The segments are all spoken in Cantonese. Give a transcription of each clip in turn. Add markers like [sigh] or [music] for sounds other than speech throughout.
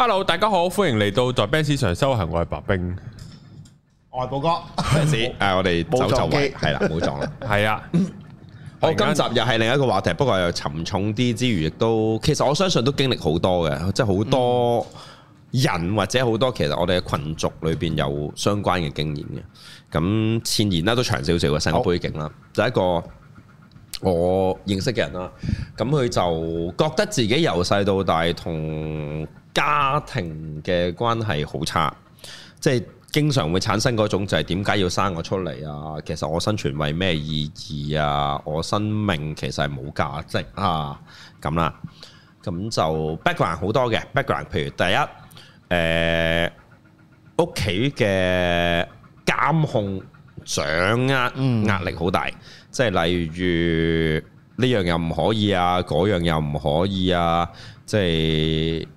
Hello，大家好，歡迎嚟到在 Benz 上修行。我係白兵，我係寶哥。開始誒，我哋冇撞機係啦，冇撞啦，係啊。好， [laughs] 今集又係另一個話題，不過又沉重啲之餘，亦都其實我相信都經歷好多嘅，即係好多人或者好多其實我哋嘅群族裏邊有相關嘅經驗嘅。咁前言啦，都長少少嘅生活背景啦，好就一個我認識嘅人啦。咁佢就覺得自己由細到大同家庭嘅關係好差，即係經常會產生嗰種就係點解要生我出嚟啊？其實我生存為咩意義啊？我生命其實係冇價值啊！咁啦，咁就 background 好多嘅 background，譬如第一，誒、呃，屋企嘅監控掌握壓力好大，即係、嗯、例如呢樣又唔可以啊，嗰樣又唔可以啊，即係。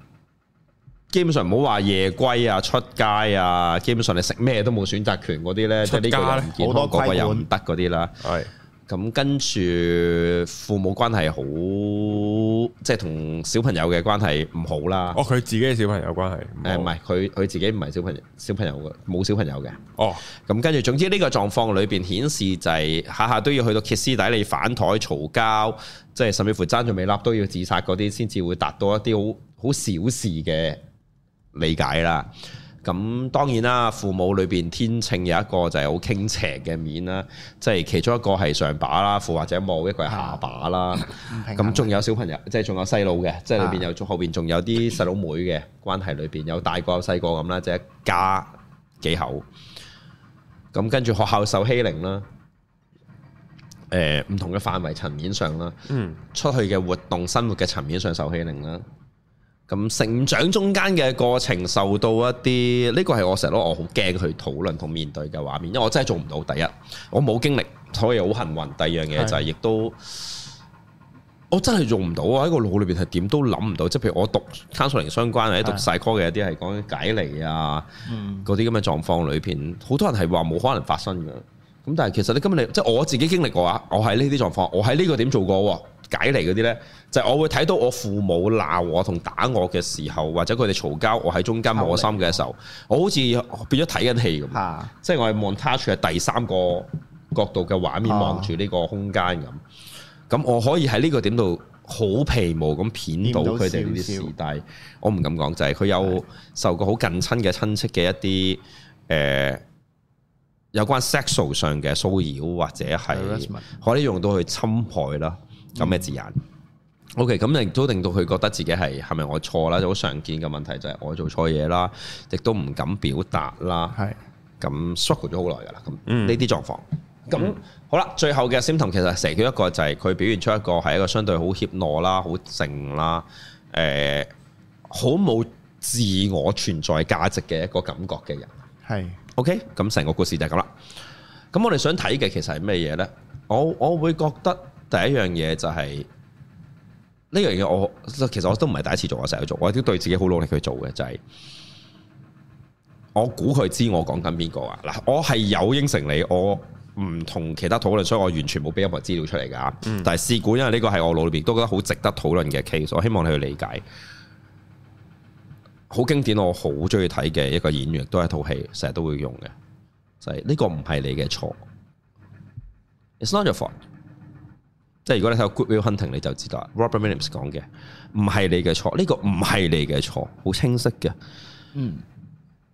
基本上唔好話夜歸啊、出街啊，基本上你食咩都冇選擇權嗰啲呢。即係呢個唔健康，嗰個又唔得嗰啲啦。係是，咁跟住父母關係好，即係同小朋友嘅關係唔好啦。哦，佢自己嘅小朋友關係，唔係、嗯，佢佢自己唔係小朋友，小朋友冇小朋友嘅。哦，咁跟住，總之呢個狀況裏邊顯示就係下下都要去到歇斯底里反台、嘈交，即係甚至乎爭住未粒都要自殺嗰啲，先至會達到一啲好好小事嘅。理解啦，咁當然啦，父母裏邊天秤有一個就係好傾斜嘅面啦，即係其中一個係上把啦，父或者母一個係下把啦，咁仲有小朋友，即係仲有細佬嘅，即係裏邊有後邊仲有啲細佬妹嘅關係裏邊有大個有細個咁啦，即係一家幾口，咁跟住學校受欺凌啦，誒唔同嘅範圍層面上啦，嗯，出去嘅活動生活嘅層面上受欺凌啦。咁成長中間嘅過程受到一啲呢個係我成日都我好驚去討論同面對嘅畫面，因為我真係做唔到。第一，我冇經歷，所以好幸運。第二樣嘢就係，亦都我真係做唔到啊！喺個腦裏邊係點都諗唔到。即係譬如我讀 counselling，相關，或者是的 讀細科嘅一啲係講解離啊，嗰啲咁嘅狀況裏邊，好多人係話冇可能發生嘅。咁但係其實你今日你即係我自己經歷過啊！我喺呢啲狀況，我喺呢個點做過喎。解嚟嗰啲咧，就係、我會睇到我父母鬧我同打我嘅時候，或者佢哋嘈交，我喺中間磨心嘅時候，我好似變咗睇緊戲咁，啊、即係我係 montage 第三個角度嘅畫面望住呢個空間咁，咁我可以喺呢個點度好皮毛咁騙到佢哋呢啲時帝，點點但我唔敢講就係、是、佢有受過好近親嘅親戚嘅一啲誒的、呃、有關 sexual 上嘅騷擾或者係可以用到去侵害啦。咁嘅字眼，OK，咁亦都令到佢覺得自己係係咪我錯啦？就好、是、常見嘅問題就係我做錯嘢啦，亦都唔敢表達啦。係咁 shock 咗好耐噶啦。咁呢啲狀況，咁、嗯、好啦。最後嘅 symptom 其實成嘅一個就係佢表現出一個係一個相對好怯懦啦、好靜啦、誒、呃，好冇自我存在價值嘅一個感覺嘅人。係是 OK，咁成個故事就係咁啦。咁我哋想睇嘅其實係咩嘢咧？我我會覺得。第一樣嘢就係呢樣嘢，我其實我都唔係第一次做，我成日做，我都對自己好努力去做嘅。就係我估佢知我講緊邊個啊？嗱，我係有應承你，我唔同其他討論，所以我完全冇俾任何資料出嚟噶。嗯、但係試管，因為呢個係我腦裏邊都覺得好值得討論嘅 case，我希望你去理解。好經典，我好中意睇嘅一個演員，都係一套戲，成日都會用嘅。就係呢個唔係你嘅錯，It's not your fault。即係如果你睇《Good Will Hunting》，你就知道 Robert Williams 講嘅唔係你嘅錯，呢個唔係你嘅錯，好清晰嘅。嗯，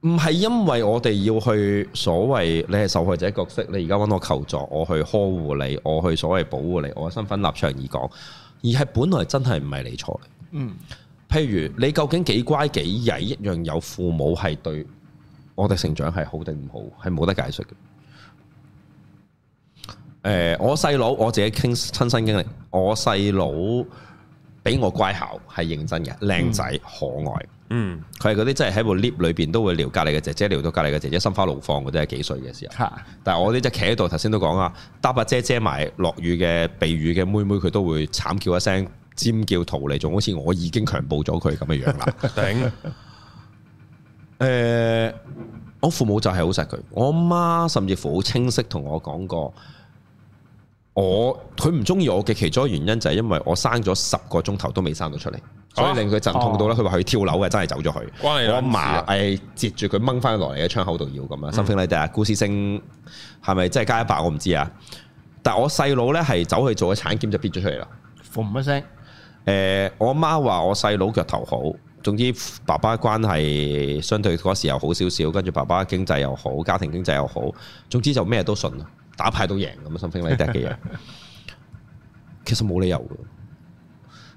唔係因為我哋要去所謂你係受害者角色，你而家揾我求助，我去呵護你，我去所謂保護你，我嘅身份立場而講，而係本來真係唔係你錯。嗯，譬如你究竟幾乖幾曳，一樣有父母係對我哋成長係好定唔好，係冇得解釋嘅。誒、呃，我細佬我自己傾親身經歷，我細佬比我乖巧，係認真嘅，靚仔可愛。嗯，佢係嗰啲真係喺部 lift 裏邊都會撩隔離嘅姐姐，撩到隔離嘅姐姐心花怒放，嗰啲係幾歲嘅時候？啊、但係我啲就企喺度，頭先都講啦，搭把遮遮埋落雨嘅避雨嘅妹妹，佢都會慘叫一聲尖叫逃離，仲好似我已經強暴咗佢咁嘅樣啦！頂。誒，我父母就係好錫佢，我媽甚至乎好清晰同我講過。我佢唔中意我嘅其中一個原因就係因為我生咗十個鐘頭都未生到出嚟，啊、所以令佢陣痛到咧。佢話佢跳樓嘅，真係走咗去。關你咩事？我阿嫲係接住佢掹翻落嚟嘅窗口度要咁啊！something like that，故事性係咪真係加一百？我唔知啊。但係我細佬咧係走去做產檢就跌咗出嚟啦，嘣一聲。誒、呃，我阿媽話我細佬腳頭好，總之爸爸關係相對嗰時又好少少，跟住爸爸經濟又好，家庭經濟又好，總之就咩都順啊。打牌都贏咁啊！神飛你得嘅人，其實冇理由嘅。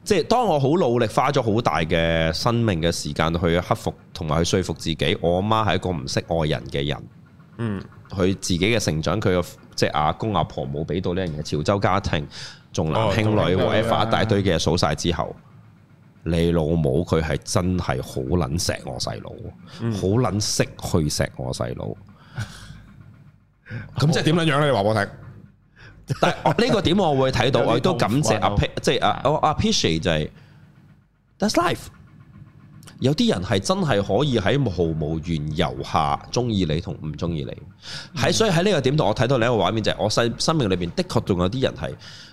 即係當我好努力，花咗好大嘅生命嘅時間去克服，同埋去説服自己，我阿媽係一個唔識愛人嘅人。嗯，佢自己嘅成長，佢嘅即係阿公阿婆冇俾到呢樣嘢，潮州家庭重男輕女，哦、或者發一大堆嘅數晒之後，啊、你老母佢係真係好撚錫我細佬，好撚識去錫我細佬。咁即係點樣樣咧？你話我聽。但係呢個點我會睇到， [laughs] 我亦都感謝， [laughs] 即係啊 appreciate 就係、是。That's life。有啲人係真係可以喺毫無緣由下中意你同唔中意你。喺、嗯、所以喺呢個點度，我睇到另一個畫面就係，我細生命裏邊的確仲有啲人係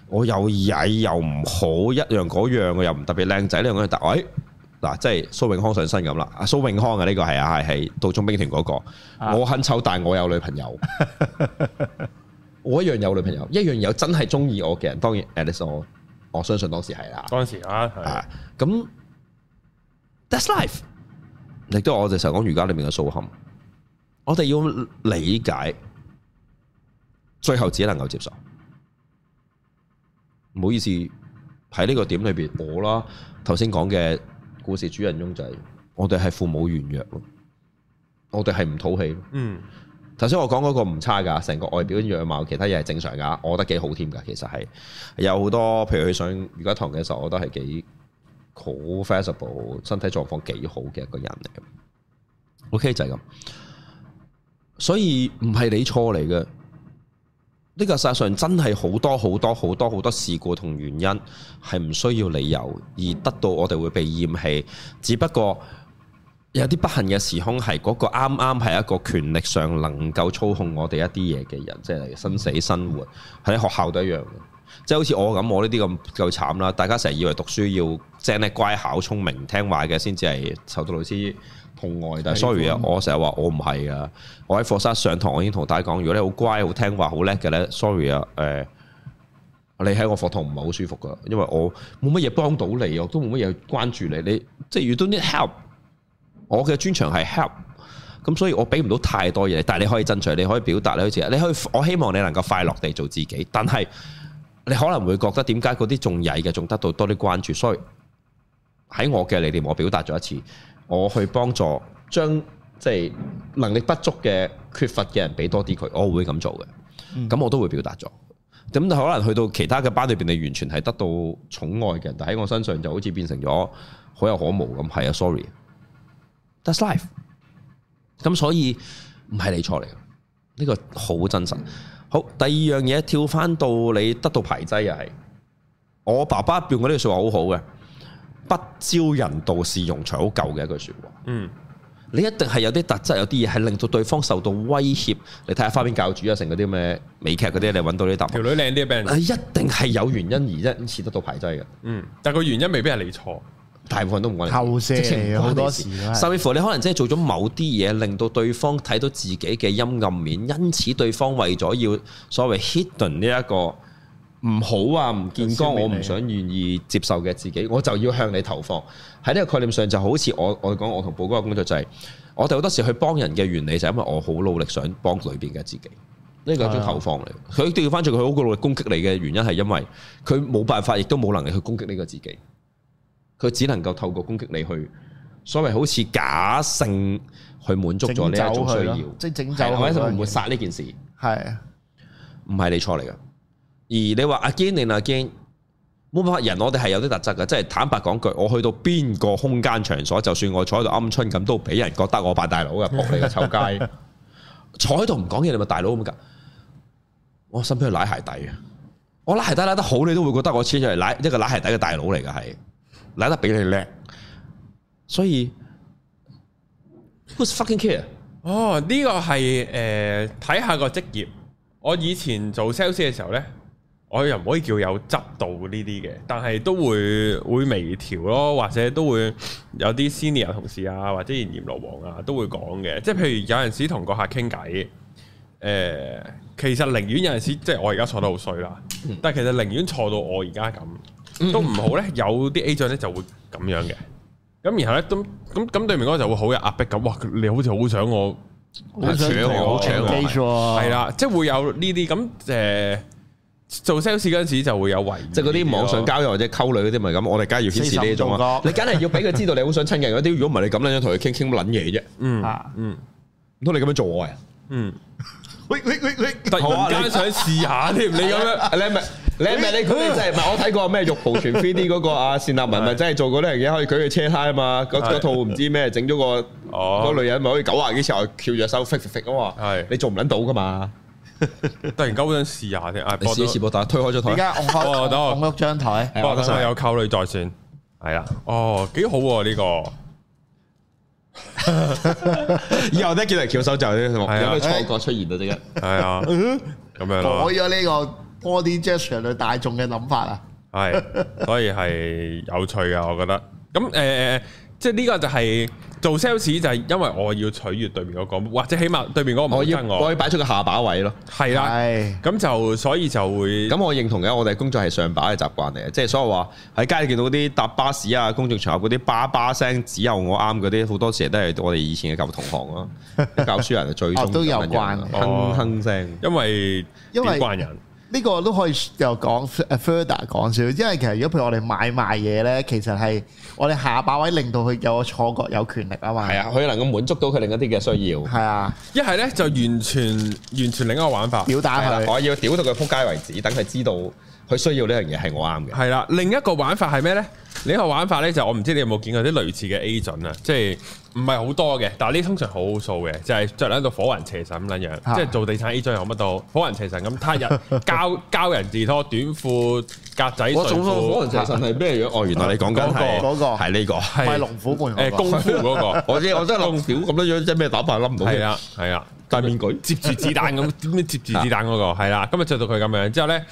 我又曳又唔好，一樣嗰樣嘅又唔特別靚仔，呢個人但係。哎嗱，即係蘇永康上身咁啦，阿蘇永康啊，呢、這個係、那個、啊，係係《特種兵團》嗰個。我很醜，但係我有女朋友， [laughs] 我一樣有女朋友，一樣有真係中意我嘅人。當然，Alex，我我相信當時係啦。當時啊，咁。啊、That's life S。亦 [noise] 都樂，我哋成日講瑜伽裏面嘅蘇康，我哋要理解，最後只能夠接受。唔好意思，喺呢個點裏邊，我啦，頭先講嘅。故事主人翁就係我哋係父母軟弱咯，我哋係唔討氣。嗯，頭先我講嗰個唔差噶，成個外表樣貌，其他嘢係正常噶，我覺得幾好添噶。其實係有好多，譬如去上瑜伽堂嘅時候，我覺得係幾好 flexible、嗯身體狀況幾好嘅一個人嚟。嗯、OK 就係咁，所以唔係你錯嚟嘅。呢個事實上真係好多好多好多好多事故同原因係唔需要理由而得到我哋會被厭棄，只不過有啲不幸嘅時空係嗰個啱啱係一個權力上能夠操控我哋一啲嘢嘅人，即係生死生活喺學校都一樣，即係好似我咁，我呢啲咁夠慘啦！大家成日以為讀書要正呢乖巧聰明聽話嘅先至係受到老師。痛外，但方 sorry 啊！我成日話我唔係啊！我喺課室上堂，我已經同大家講，如果你好乖、好聽話、好叻嘅咧，sorry 啊！誒，你喺我課堂唔係好舒服噶，因為我冇乜嘢幫到你，我都冇乜嘢關注你。你即係遇到啲 help，我嘅專長係 help，咁所以我俾唔到太多嘢。但係你可以爭取，你可以表達，你好似你可以，我希望你能夠快樂地做自己。但係你可能會覺得，點解嗰啲仲曳嘅仲得到多啲關注？所以喺我嘅，你哋我表達咗一次。我去幫助將即能力不足嘅、缺乏嘅人俾多啲佢，我會咁做嘅。咁我都會表達咗。咁可能去到其他嘅班裏邊，你完全係得到寵愛嘅，但喺我身上就好似變成咗可有可無咁。係啊，sorry，that's life，咁所以唔係你錯嚟嘅。呢個好真實。好，第二樣嘢跳翻到你得到排擠，又係，我爸爸用過呢啲説話好好嘅。不招人妒是庸才，好舊嘅一句說話，嗯，你一定係有啲特質，有啲嘢係令到對方受到威脅。你睇下花邊教主啊，成嗰啲咩美劇嗰啲，你揾到呢啲答案。條女靚啲俾人一定係有原因而一次得到排擠嘅，嗯，但係個原因未必係你錯，嗯、大部分都唔關。后射好多時，多時甚至乎你可能真係做咗某啲嘢，令到對方睇到自己嘅陰暗面，因此對方為咗要所謂 hidden 呢、這、一個。唔好啊，唔健康，我唔想願意接受嘅自己，我就要向你投放喺呢個概念上，就好似我我講，我同寶哥嘅工作就係、是，我哋好多時去幫人嘅原理就係因為我好努力想幫裏邊嘅自己，呢個係一種投放嚟。佢調翻轉，佢好努力攻擊你嘅原因係因為佢冇辦法，亦都冇能力去攻擊呢個自己，佢只能夠透過攻擊你去，所謂好似假性去滿足咗呢一種需要，即係整走，唔會殺呢件事，係唔係你錯嚟噶？而你話阿堅定阿堅冇辦法，人我哋係有啲特質嘅，即係坦白講句，我去到邊個空間場所，就算我坐喺度鵪鶉咁，都俾人覺得我扮大佬噶，仆你個臭街， [laughs] 坐喺度唔講嘢，你咪大佬咁噶。我身邊去拉鞋底嘅，我拉鞋底拉得好，你都會覺得我黐出嚟拉一個拉鞋底嘅大佬嚟嘅係，拉得比你叻。所以，who's fucking care？哦，呢、這個係，誒，睇下個職業。我以前做 sales 嘅時候呢。我又唔可以叫有執度呢啲嘅，但係都會會微調咯，或者都會有啲 senior 同事啊，或者言言落王啊，都會講嘅。即係譬如有陣時同個客傾偈，誒，其實寧願有陣時，即係我而家坐得好衰啦，但係其實寧願坐到我而家咁都唔好咧。有啲 agent、ER、咧就會咁樣嘅，咁然後咧都咁咁對面嗰個就會好有壓迫感。哇，你好似好想我，好想我，好想我，係啦，即、就、係、是、會有呢啲咁誒。做 sales 嗰陣時就會有圍，即係嗰啲網上交友或者溝女嗰啲咪咁，我哋梗係要顯示呢種啊！你梗係要俾佢知道你好想親近嗰啲，如果唔係你咁樣樣同佢傾傾冧嘢啫。嗯，嗯，唔通你咁樣做我呀？嗯，喂喂喂喂，突然間想試下添，你咁樣，你咪你咪你，佢就唔係我睇過咩玉蒲團 3D 嗰個啊？單立文咪真係做過呢樣嘢，可以舉佢車胎啊嘛？嗰套唔知咩整咗個，哦，個女人咪可以九廿幾尺翹住手，飛飛飛啊嘛！你做唔捻到噶嘛？突然間好想試下先，我、哎、試多次，但係推開咗台。而家我翻，哦、我喐張台，我有靠你在線，係、嗯哦、啊，哦，幾好啊呢個，又得叫嚟翹手就呢，嗯、了有咩錯覺出現啊？即刻係啊，咁樣咯，改咗呢個 body gesture 大對大眾嘅諗法啊，係，所以係有趣嘅，我覺得。咁誒。呃即係呢個就係做 sales 就係因為我要取悅對面嗰、嗰個，或者起碼對面嗰個唔憎我。我要我可以擺出個下把位咯，係啦的。咁的就所以就會咁我認同嘅，我哋工作係上把嘅習慣嚟嘅，即係所謂話喺街度見到啲搭巴士啊、公眾場合嗰啲巴巴聲，只有我啱嗰啲，好多時候都係我哋以前嘅舊同行咯。 [laughs] 教書人最人哦都有關哼哼聲，因為因為。呢個都可以又講 further 講少，因為其實如果譬如我哋買賣嘢咧，其實係我哋下把位令到佢有錯覺有權力啊嘛，係啊，佢能夠滿足到佢另一啲嘅需要，係啊，一係咧就完全完全另一個玩法，表達、啊、我要屌到佢撲街為止，等佢知道。佢需要呢樣嘢係我啱嘅。係啦，另一個玩法係咩咧？另一個玩法咧就我唔知你有冇見過啲類似嘅 agent 啊，即係唔係好多嘅，但係呢通常好數嘅，就係着兩個火雲邪神咁樣，即係做地產 agent 又乜都火雲邪神咁，他日交交人字拖短褲格仔褲。火雲邪神係咩樣？哦，原來你講緊嗰係呢個，係龍虎。誒，功夫嗰個，我真我真諗咁多樣即係咩打扮，諗唔到嘅。係啊係啊，戴面具接住子彈咁，點解接住子彈嗰個係啦？今日着到佢咁樣之後咧。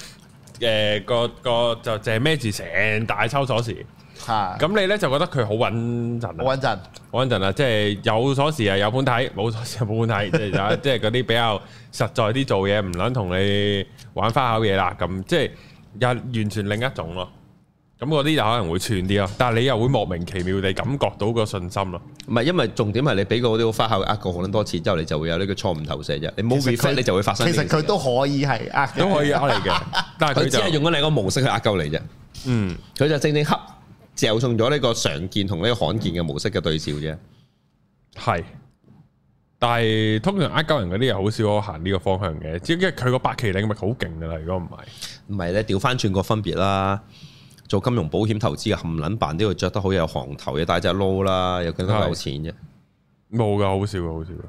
誒個個就淨係孭住成大抽鎖匙，嚇！咁 [noise] 你咧就覺得佢好穩陣好穩陣，好穩陣啊！即係、啊就是、有鎖匙係有本體，冇鎖匙冇本體，即係啊！即係嗰啲比較實在啲做嘢，唔撚同你玩花巧嘢啦，咁即係又完全另一種咯、啊。咁嗰啲就可能會串啲咯，但係你又會莫名其妙地感覺到個信心咯。唔係，因為重點係你俾嗰啲花巧呃過好撚多次之後，你就會有呢個錯誤投射啫。你冇嘅花，你就會發生。其實佢都可以係呃，都可以呃嚟嘅，但係佢只係用緊你個模式去呃鳩你啫。 [laughs] 嗯，佢就正正刻，就送咗呢個常見同呢個罕見嘅模式嘅對照啫。係，但係通常呃鳩人嗰啲又好少行呢個方向嘅，只因為佢個八旗領咪好勁噶啦。如果唔係，唔係咧，調翻轉個分別啦。做金融保險投資嘅冚撚扮都要着得好有行頭嘅，但係就撈啦，又更加有錢啫。冇噶，好少噶，好少噶。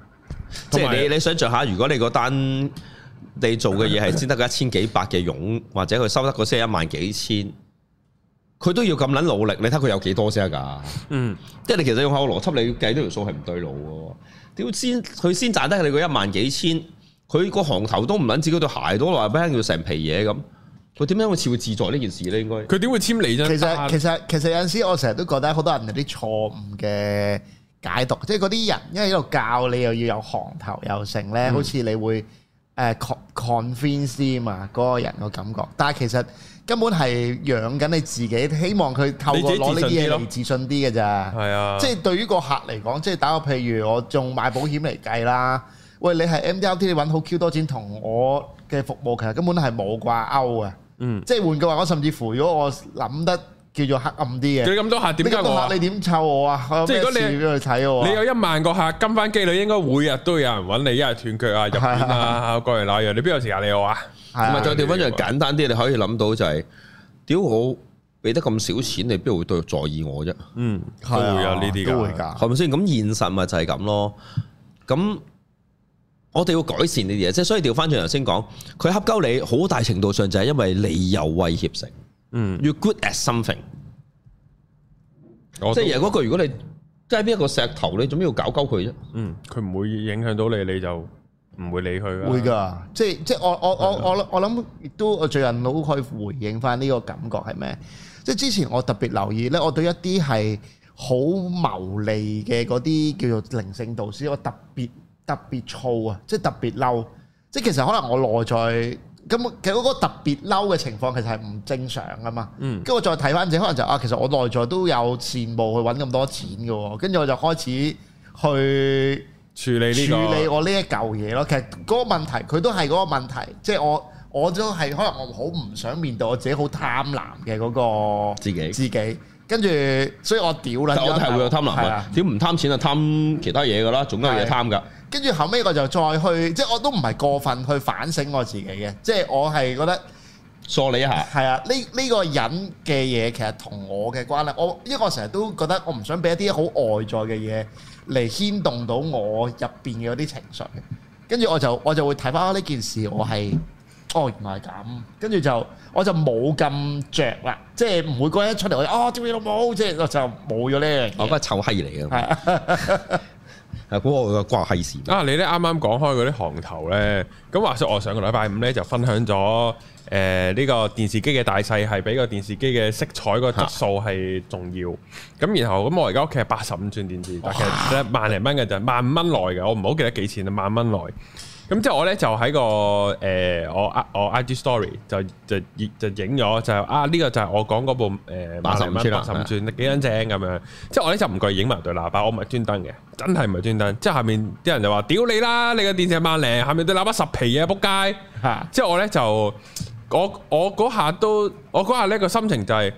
即係你有你想象下，如果你嗰單你做嘅嘢係先得嗰一千幾百嘅佣，或者佢收得嗰些一萬幾千，佢都要咁撚努力，你睇佢有幾多先得噶？嗯，即係你其實用下個邏輯，你要計呢條數係唔對路嘅。屌先，佢先賺得你嗰一萬幾千，佢個行頭都唔撚止嗰對鞋都啦 p a i 成皮嘢咁。佢點解會似會自在呢件事咧？應該佢點會簽你啫？其實其實其實有陣時，我成日都覺得好多人有啲錯誤嘅解讀，即係嗰啲人因為喺度教你又要有行頭又成咧，嗯、好似你會誒 convincing 嘛，嗰個人個感覺。Feeling，但係其實根本係養緊你自己，希望佢透過攞呢啲嘢嚟自信啲嘅咋。係啊，即係對於個客嚟講，即係打個譬如我，我仲賣保險嚟計啦。喂，你係 MDRT，你揾好 Q 多錢同我嘅服務，其實根本係冇掛鈎嘅。嗯，即係換句話，我甚至乎如果我諗得叫做黑暗啲嘅，你咁多客，你咁多客，點解你點湊我啊？即係如果你去睇我說 你有一萬個客，今翻機你應該每日都有人揾你，一係斷腳啊入邊啊各嚟那樣，你邊有時間理我啊？咁啊，再調翻樣簡單啲，你可以諗到就係、是，屌好，俾得咁少錢，你邊會對在意我啫？嗯、啊，都會有呢啲噶，係咪先？咁現實咪就係咁咯？咁。我哋要改善呢啲嘢，即係所以調翻轉頭先講，佢恰鳩你好大程度上就係因為你有威脅性。嗯，you good at something，即係如果佢如果你即係邊一個石頭，你做咩要搞鳩佢啫？嗯，佢唔會影響到你，你就唔會理佢噶。會噶，即係即係我我我我我諗都我最近都可以回應翻呢個感覺係咩？即係之前我特別留意咧，我對一啲係好牟利嘅嗰啲叫做靈性導師，我特別。特別燥啊，即係特別嬲，即係其實可能我內在咁，其實嗰個特別嬲嘅情況其實係唔正常噶嘛。嗯，跟住我再睇翻自己，可能就啊、是，其實我內在都有羨慕去揾咁多錢嘅喎，跟住我就開始去處理呢個處理我呢一嚿嘢咯。其實嗰個問題佢都係嗰個問題，即係我我都係可能我好唔想面對我自己好貪婪嘅嗰個自己自己，跟住所以我屌啦，一定係會有貪婪，點唔、啊、貪錢就貪其他嘢噶啦，總有嘢貪噶。跟住後尾，我就再去，即係我都唔係過分去反省我自己嘅，即係我係覺得梳理一下。係啊、嗯，呢呢、個人嘅嘢其實同我嘅關係，我因為我成日都覺得我唔想俾一啲好外在嘅嘢嚟牽動到我入邊嘅嗰啲情緒。跟住我就我就會睇翻呢件事，我係，哦，原來係咁，跟住就我就冇咁着啦，即係唔會嗰一出嚟我啊招你老母，即係就冇咗咧。我嗰係臭閪嚟嘅。啊！嗰個掛閪事。啊！你咧啱啱講開嗰啲行頭咧，咁話說我上個禮拜五咧就分享咗誒呢個電視機嘅大細係比個電視機嘅色彩個質素係重要。咁、啊、然後咁我而家屋企係八十五寸電視，哇但係萬零蚊嘅就係萬五蚊內嘅，我唔好記得幾錢啦，萬蚊內。咁之後我咧就喺個誒我啊我 IG story 就就就影咗就啊呢個就係我講嗰部誒馬神轉馬神轉幾撚正咁樣，之後我咧就唔夠影埋對喇叭，我唔係專登嘅，真係唔係專登。之後下面啲人就話：屌你啦，你個電視係萬零，下面對喇叭十皮嘢仆街。之後我咧就我我嗰下都我嗰下咧個心情就係。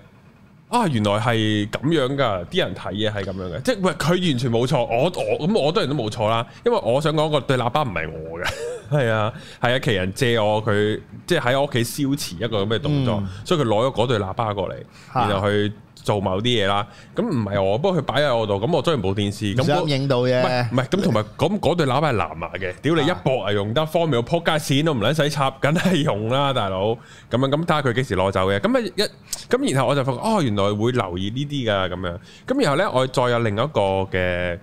啊，原來係咁樣噶，啲人睇嘢係咁樣嘅，即係佢完全冇錯，我我咁我當然都冇錯啦，因為我想講個對喇叭唔係我嘅，係啊係啊，奇、啊、人借我佢，即係喺我屋企消磁一個咁嘅動作，嗯、所以佢攞咗嗰對喇叭過嚟，然後去。做某啲嘢啦，咁唔係我幫佢擺喺我度，咁我追完部電視咁影到嘅，唔係咁同埋咁嗰對喇叭係藍牙嘅，屌 [laughs] 你一搏係用得，方便，又撲街線都唔撚使插，緊係用啦，大佬，咁樣咁睇下佢幾時攞走嘅，咁啊一咁然後我就發覺，哦，原來會留意呢啲㗎咁樣，咁然後咧我再有另一個嘅。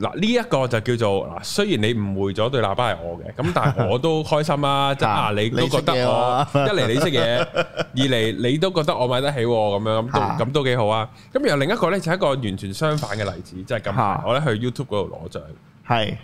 嗱呢一個就叫做嗱，雖然你誤會咗對喇叭係我嘅，咁但係我都開心啊！即係啊，你都覺得我一嚟你識嘢，二嚟你都覺得我買得起喎，咁樣咁咁都幾好啊！咁然後另一個咧就係一個完全相反嘅例子，即係咁，我咧去 YouTube 嗰度攞獎。係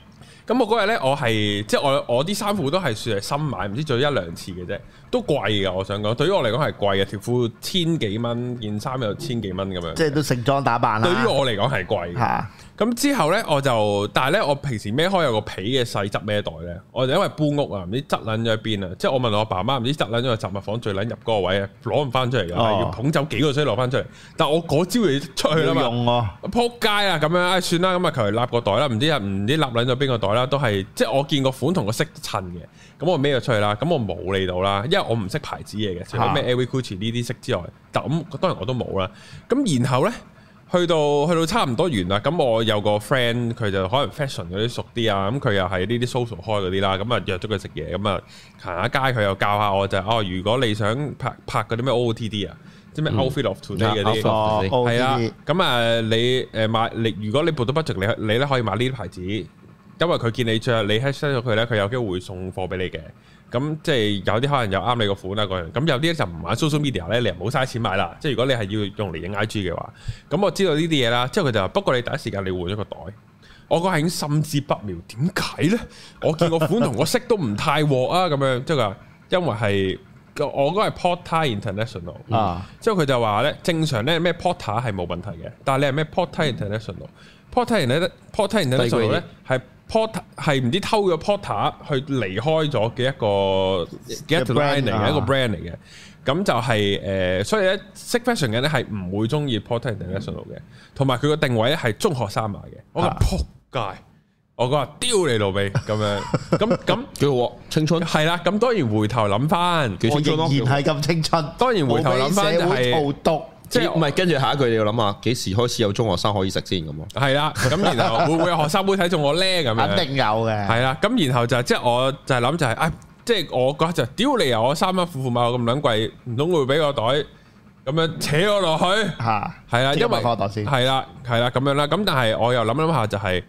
咁，我嗰日咧我係即係我我啲衫褲都係算係新買，唔知做一兩次嘅啫，都貴嘅。我想講，對於我嚟講係貴嘅，條褲千幾蚊，件衫又千幾蚊咁樣，即係都盛裝打扮啦。對於我嚟講係貴嚇。咁之後咧，我就，但係咧，我平時孭開有個皮嘅細執咩袋咧，我就因為搬屋啊，唔知執撚咗喺邊啊，即係我問我爸媽唔知執撚咗喺雜物房最撚入嗰個位啊，攞唔翻出嚟㗎，要捧走幾個先攞翻出嚟。但係我嗰朝要出去啦嘛，撲街用啊咁樣，唉、哎、算啦，咁啊求其揦個袋啦，唔知啊唔知揦撚咗邊個袋啦，都係即係我見個款同個色都襯嘅，咁我孭咗出去啦，咁我冇理到啦，因為我唔識牌子嘢嘅，除咗咩 LV Gucci 呢啲色之外，抌，啊、當然我都冇啦。咁然後咧。去到去到差唔多完啦，咁我有個 friend 佢就可能 fashion 嗰啲熟啲啊，咁佢又係呢啲 social 開嗰啲啦，咁啊約咗佢食嘢，咁啊行下街佢又教下我就係、是、哦，如果你想拍拍嗰啲咩 OOTD 啊，即咩 outfit of today 嗰啲，係啊、嗯，咁啊的、嗯、你誒、呃、買你如果你 budget 不足，你你咧可以買呢啲牌子，因為佢見你着，你 hashtag 咗佢咧，佢有機會送貨俾你嘅。咁即係有啲可能又啱你個款啦嗰樣，咁有啲就唔玩 social media 咧，你又冇嘥錢買啦。即係如果你係要用嚟影 IG 嘅話，咁我知道呢啲嘢啦。之後佢就話：不過你第一時間你換咗個袋，我個係已經心知不妙，點解咧？我見個款同我色都唔太和啊，咁樣即係佢話因為係我我嗰係 Porter International 啊、嗯 In。之後佢就話咧正常咧咩 Porter 係冇問題嘅，但係你係咩 Porter International？Porter Inter Porter International 咧係，Porter 係唔知偷咗 Porter 去離開咗嘅一個 get lining 嘅一個 brand 嚟嘅，咁就係、是、誒，所以咧識 fashion 嘅咧係唔會中意 Porter International 嘅，同埋佢個定位係中學生買嘅。我話撲街，我講話丟你老味咁樣，咁咁叫我青春係啦。咁當然回頭諗翻，青春我仍然係咁青春。當然回頭諗翻就係、是。即係唔係？跟住下一句你要諗下，幾時開始有中學生可以食先咁咯？係啦，咁然後會唔會有學生會睇中我叻咁啊？肯定有嘅。係啦，咁然後就即係我就係諗就係，即係我覺得就屌你啊！我三蚊褲褲買我咁撚貴，唔通會俾個袋咁樣扯我落去？吓，係啊，因為係啦，係啦，咁樣啦。咁但係我又諗諗下，就係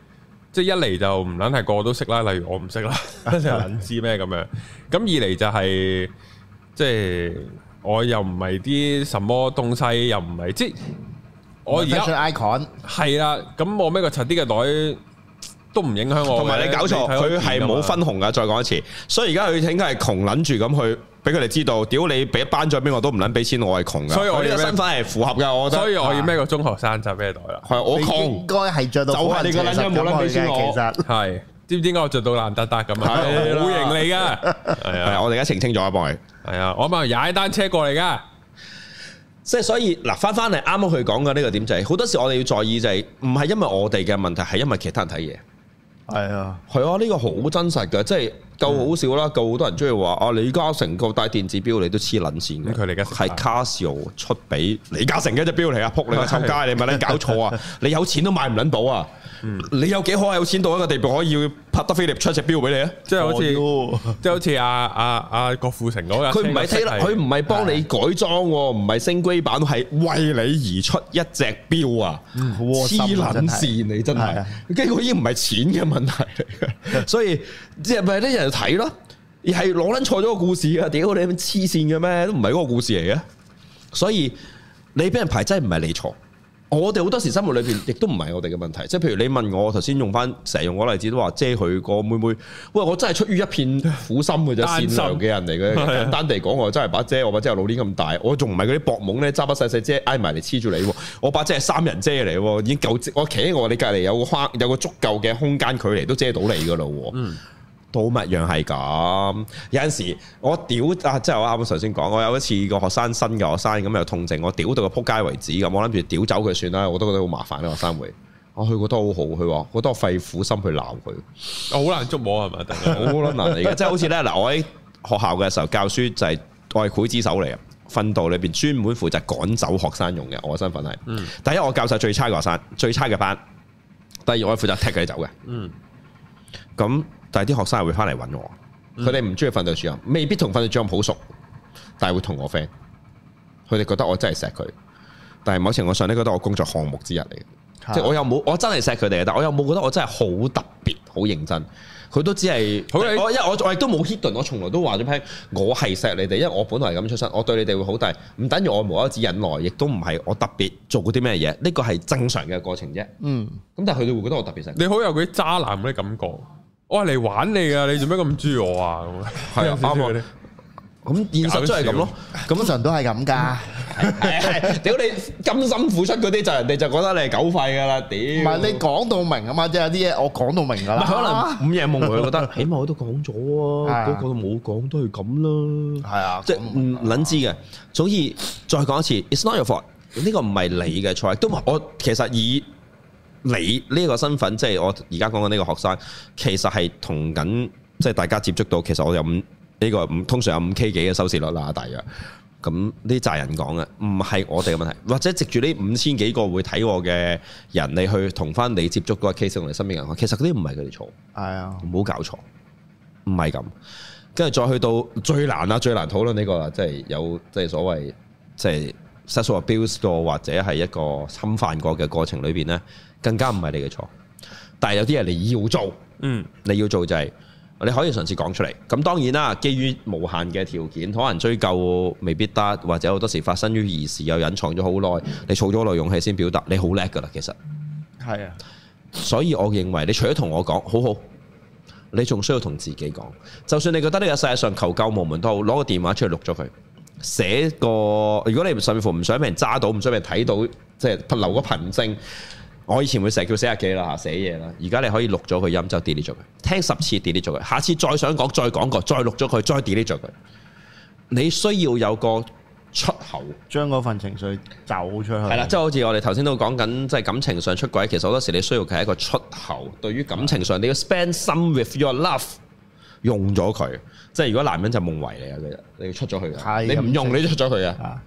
即係一嚟就唔撚係個個都識啦，例如我唔識啦，跟住又諗知咩咁樣。咁二嚟就係即係。我又唔係啲什麼東西，又唔係即我而家 icon 係啦。咁 [music] 我孭個柒啲嘅袋都唔影響我。同埋你搞錯，佢係冇分紅噶。再講一次，所以而家佢應該係窮撚住咁去，俾佢哋知道。屌你俾班長邊個都唔撚俾錢我係窮。所以我呢個身份係符合噶，我所以我要孭個中學生就咩袋啦。係、啊、我窮，應該係著到你個撚真冇撚俾錢我，其實係。知唔知我做到爛得得咁啊？係模型嚟噶，係啊！我哋而家澄清咗一幫佢。係啊，我阿踩單車過嚟噶。即係所以嗱，翻翻嚟啱啱佢講嘅呢個點就係、是，好多時我哋要在意就係、是，唔係因為我哋嘅問題，係因為其他人睇嘢。係啊，係啊，呢個好真實嘅，即係夠好笑啦，夠好多人中意話哦，李嘉誠個戴電子表的，你都黐撚線。佢哋而家係卡西歐出俾李嘉誠嘅隻表嚟啊！扑你個臭街，你咪撚搞錯啊！ [laughs] 你有錢都買唔撚到啊！你有幾可有錢到一個地步可以拍得菲力出隻表俾你、哦、啊？即係好似即係好似阿阿阿郭富城嗰、嗰個，佢唔係睇，佢唔係幫你改裝，唔係升龜版，係為你而出一隻表啊！黐捻綫你真係，跟住的已經唔係錢嘅問題嚟嘅的、就是，所以即係咪啲人睇咯？而係攞捻錯咗個故事噶，屌你咁黐綫嘅咩？都唔係嗰個故事嚟嘅，所以人家人家你俾人排真唔係你錯。我哋好多時生活裏邊，亦都唔係我哋嘅問題。即係譬如你問我，頭先用翻成日用嗰例子都話遮佢個妹妹。喂，我真係出於一片苦心嘅啫，善良嘅人嚟嘅。單身，簡單地講，我真係把遮，我把遮係老啲咁大，我仲唔係嗰啲薄懵咧揸把細細遮挨埋嚟黐住你。我把遮係三人遮嚟，已經夠。我企喺我哋隔籬有個框，有個足夠嘅空間距離都遮到你噶啦。嗯冇乜樣係咁，有陣時我屌啊，即係我啱啱頭先講，我有一次一個學生，新嘅學生咁又痛症，我屌到佢撲街為止咁，我諗住屌走佢算啦，我都覺得好麻煩啦，學生會，佢覺得好好，佢話好多費苦心去鬧佢，好、嗯、難捉摸係咪？好 [laughs] 難嚟嘅，即係好似咧嗱，我喺學校嘅時候教書就係劊子手嚟啊，訓導裏邊專門負責趕走學生用嘅，我嘅身份係，嗯、第一我教晒最差嘅學生，最差嘅班，第二我負責踢佢走嘅，嗯，咁、嗯。但係啲學生係會翻嚟揾我，佢哋唔中意訓導主任，未必同訓導主任好熟，但係會同我 friend。佢哋覺得我真係錫佢，但係某程度上咧，覺得我工作項目之一嚟嘅，的即係我又冇，我真係錫佢哋，但我又冇覺得我真係好特別，好認真。佢都只係的，我因我我亦都冇 hidden，我從來都話咗我係錫你哋，因為我本來咁出身，我對你哋會好，大，唔等於我無休止忍耐，亦都唔係我特別做過啲咩嘢，呢個係正常嘅過程啫。嗯，咁但係佢哋會覺得我特別錫你好有嗰啲渣男嗰感覺。我係嚟玩你噶，你做咩咁豬我啊？咁係啊，返去呢。咁現實就係咁咯，咁通常都係咁噶。屌你甘心付出嗰啲就人哋就覺得你係狗肺噶啦。屌，唔係你講到明啊嘛，即係有啲嘢我講到明噶啦。唔係可能午夜夢回覺得，起碼我都講咗啊，都講冇講都係咁啦。係啊，即係唔捻知嘅。所以再講一次，it's not your fault，呢個唔係你嘅錯。都我其實以。你呢個身份即係我而家講緊呢個學生，其實係同緊即係大家接觸到，其實我有五呢、呢個五通常有五 K 幾嘅收視率啦，大約咁呢扎人講嘅唔係我哋嘅問題，或者藉住呢五千幾個會睇我嘅人，你去同翻你接觸嗰個 case 我哋身邊人，其實嗰啲唔係佢哋錯，係啊、哎呀，唔好搞錯，唔係咁，跟住再去到最難啦，最難討論呢個啦，即係有即係所謂即係 sexual abuse 個或者係一個侵犯過嘅過程裏邊呢。更加唔係你嘅錯，但係有啲嘢你要做，嗯，你要做就係你可以嘗試講出嚟。咁當然啦，基於無限嘅條件，可能追究未必得，或者好多時發生於兒時，又隱藏咗好耐，你儲咗耐勇氣先表達，你好叻噶啦，其實係啊。所以我認為，你除咗同我講好好，你仲需要同自己講，就算你覺得呢個世界上求救無門都好，攞個電話出去錄咗佢，寫個，如果你甚至乎唔想俾人揸到，唔想俾人睇到，即係留個憑證。我以前會成日叫寫日記啦嚇，寫嘢啦。而家你可以錄咗佢音，就 delete 咗佢，聽十次 delete 咗佢。下次再想講，再講過，再錄咗佢，再 delete 咗佢。你需要有個出口，將嗰份情緒走出去。係啦，即係好似我哋頭先都講緊，即係感情上出軌，其實好多時你需要佢係一個出口。對於感情上，你要 spend some with your love，用咗佢。即係如果男人就夢遺你嘅，你要出咗去㗎。係，你唔用你出咗佢㗎。啊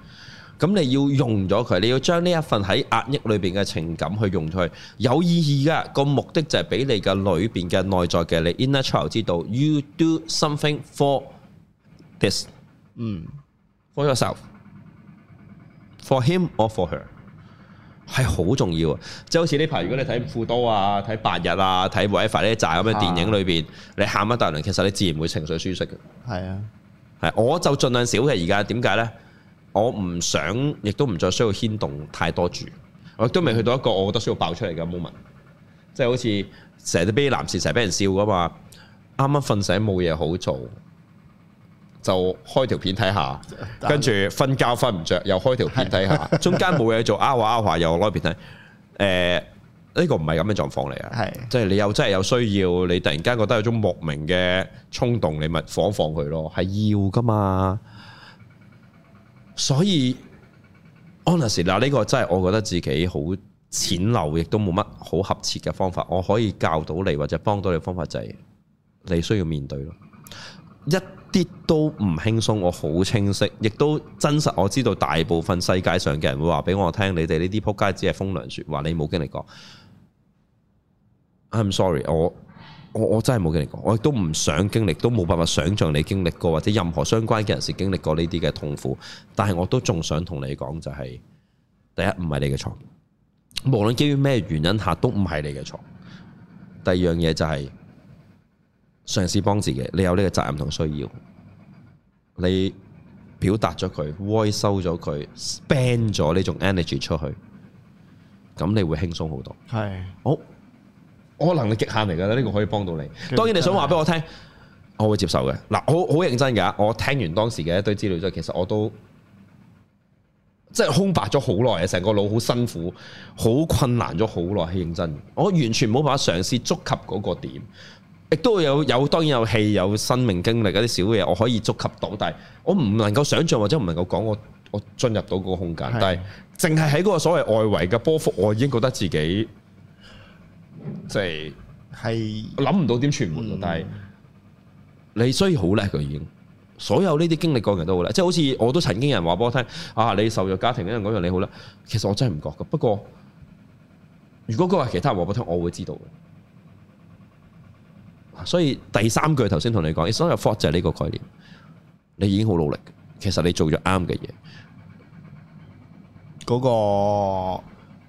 咁你要用咗佢，你要將呢一份喺壓抑裏邊嘅情感去用出去，有意義㗎。個目的就係俾你嘅裏邊嘅內在嘅你 inner child 知道，you do something for this，嗯，for yourself，for him or for her，係好重要。啊，即係好似呢排如果你睇《富都》啊、睇《白日》啊、睇《威凡》呢一紮咁嘅電影裏邊，啊、你喊一大輪，其實你自然會情緒舒適嘅。係啊，係我就盡量少嘅而家，點解咧？我唔想，亦都唔再需要牽動太多住，我都未去到一個我覺得需要爆出嚟嘅 moment，即係好似成日都俾男士成日俾人笑噶嘛，啱啱瞓醒冇嘢好做，就開條片睇下，跟住瞓覺瞓唔着又開條片睇下，中間冇嘢做，啊華啊華又攞片睇，誒、這、呢個唔係咁嘅狀況嚟啊，係即係你又真係有需要，你突然間覺得有種莫名嘅衝動，你咪放一放佢咯，係要噶嘛。所以，honestly，呢個真係我覺得自己好淺陋，亦都冇乜好合切嘅方法。我可以教到你或者幫到你嘅方法就係你需要面對咯，一啲都唔輕鬆。我好清晰，亦都真實。我知道大部分世界上嘅人會話畀我聽，你哋呢啲撲街只係風涼説話，你冇經歷過。I'm sorry，我。我我真係冇經歷過，我亦都唔想經歷，都冇辦法想象你經歷過或者任何相關嘅人士經歷過呢啲嘅痛苦。但係我都仲想同你講，就是，就係第一唔係你嘅錯，無論基於咩原因下都唔係你嘅錯。第二樣嘢就係嘗試幫自己，你有呢個責任同需要，你表達咗佢，voice 咗佢 spend 咗呢種 energy 出去，咁你會輕鬆好多。係是好。我嘅能力極限嚟㗎啦，呢、這個可以幫到你。當然你想話俾我聽，我會接受嘅。嗱，好好認真㗎。我聽完當時嘅一堆資料之後，其實我都即係空白咗好耐啊！成個腦好辛苦，好困難咗好耐，係認真。我完全冇辦法嘗試觸及嗰個點，亦都有有當然有氣有生命經歷嗰啲小嘢，我可以觸及到，但係我唔能夠想像或者唔能夠講我我進入到嗰個空間。的但係淨係喺嗰個所謂外圍嘅波幅，我已經覺得自己。即係係諗唔到點傳播，嗯、但係你雖然好叻，佢已經所有呢啲經歷過嘅人都好叻，即係好似我都曾經有人話俾我聽啊，你受咗家庭呢樣嗰樣你好叻。」其實我真係唔覺噶。不過如果佢話其他人話俾我聽，我會知道嘅。所以第三句頭先同你講，所有 fault 就係呢個概念，你已經好努力，其實你做咗啱嘅嘢，嗰、嗰個。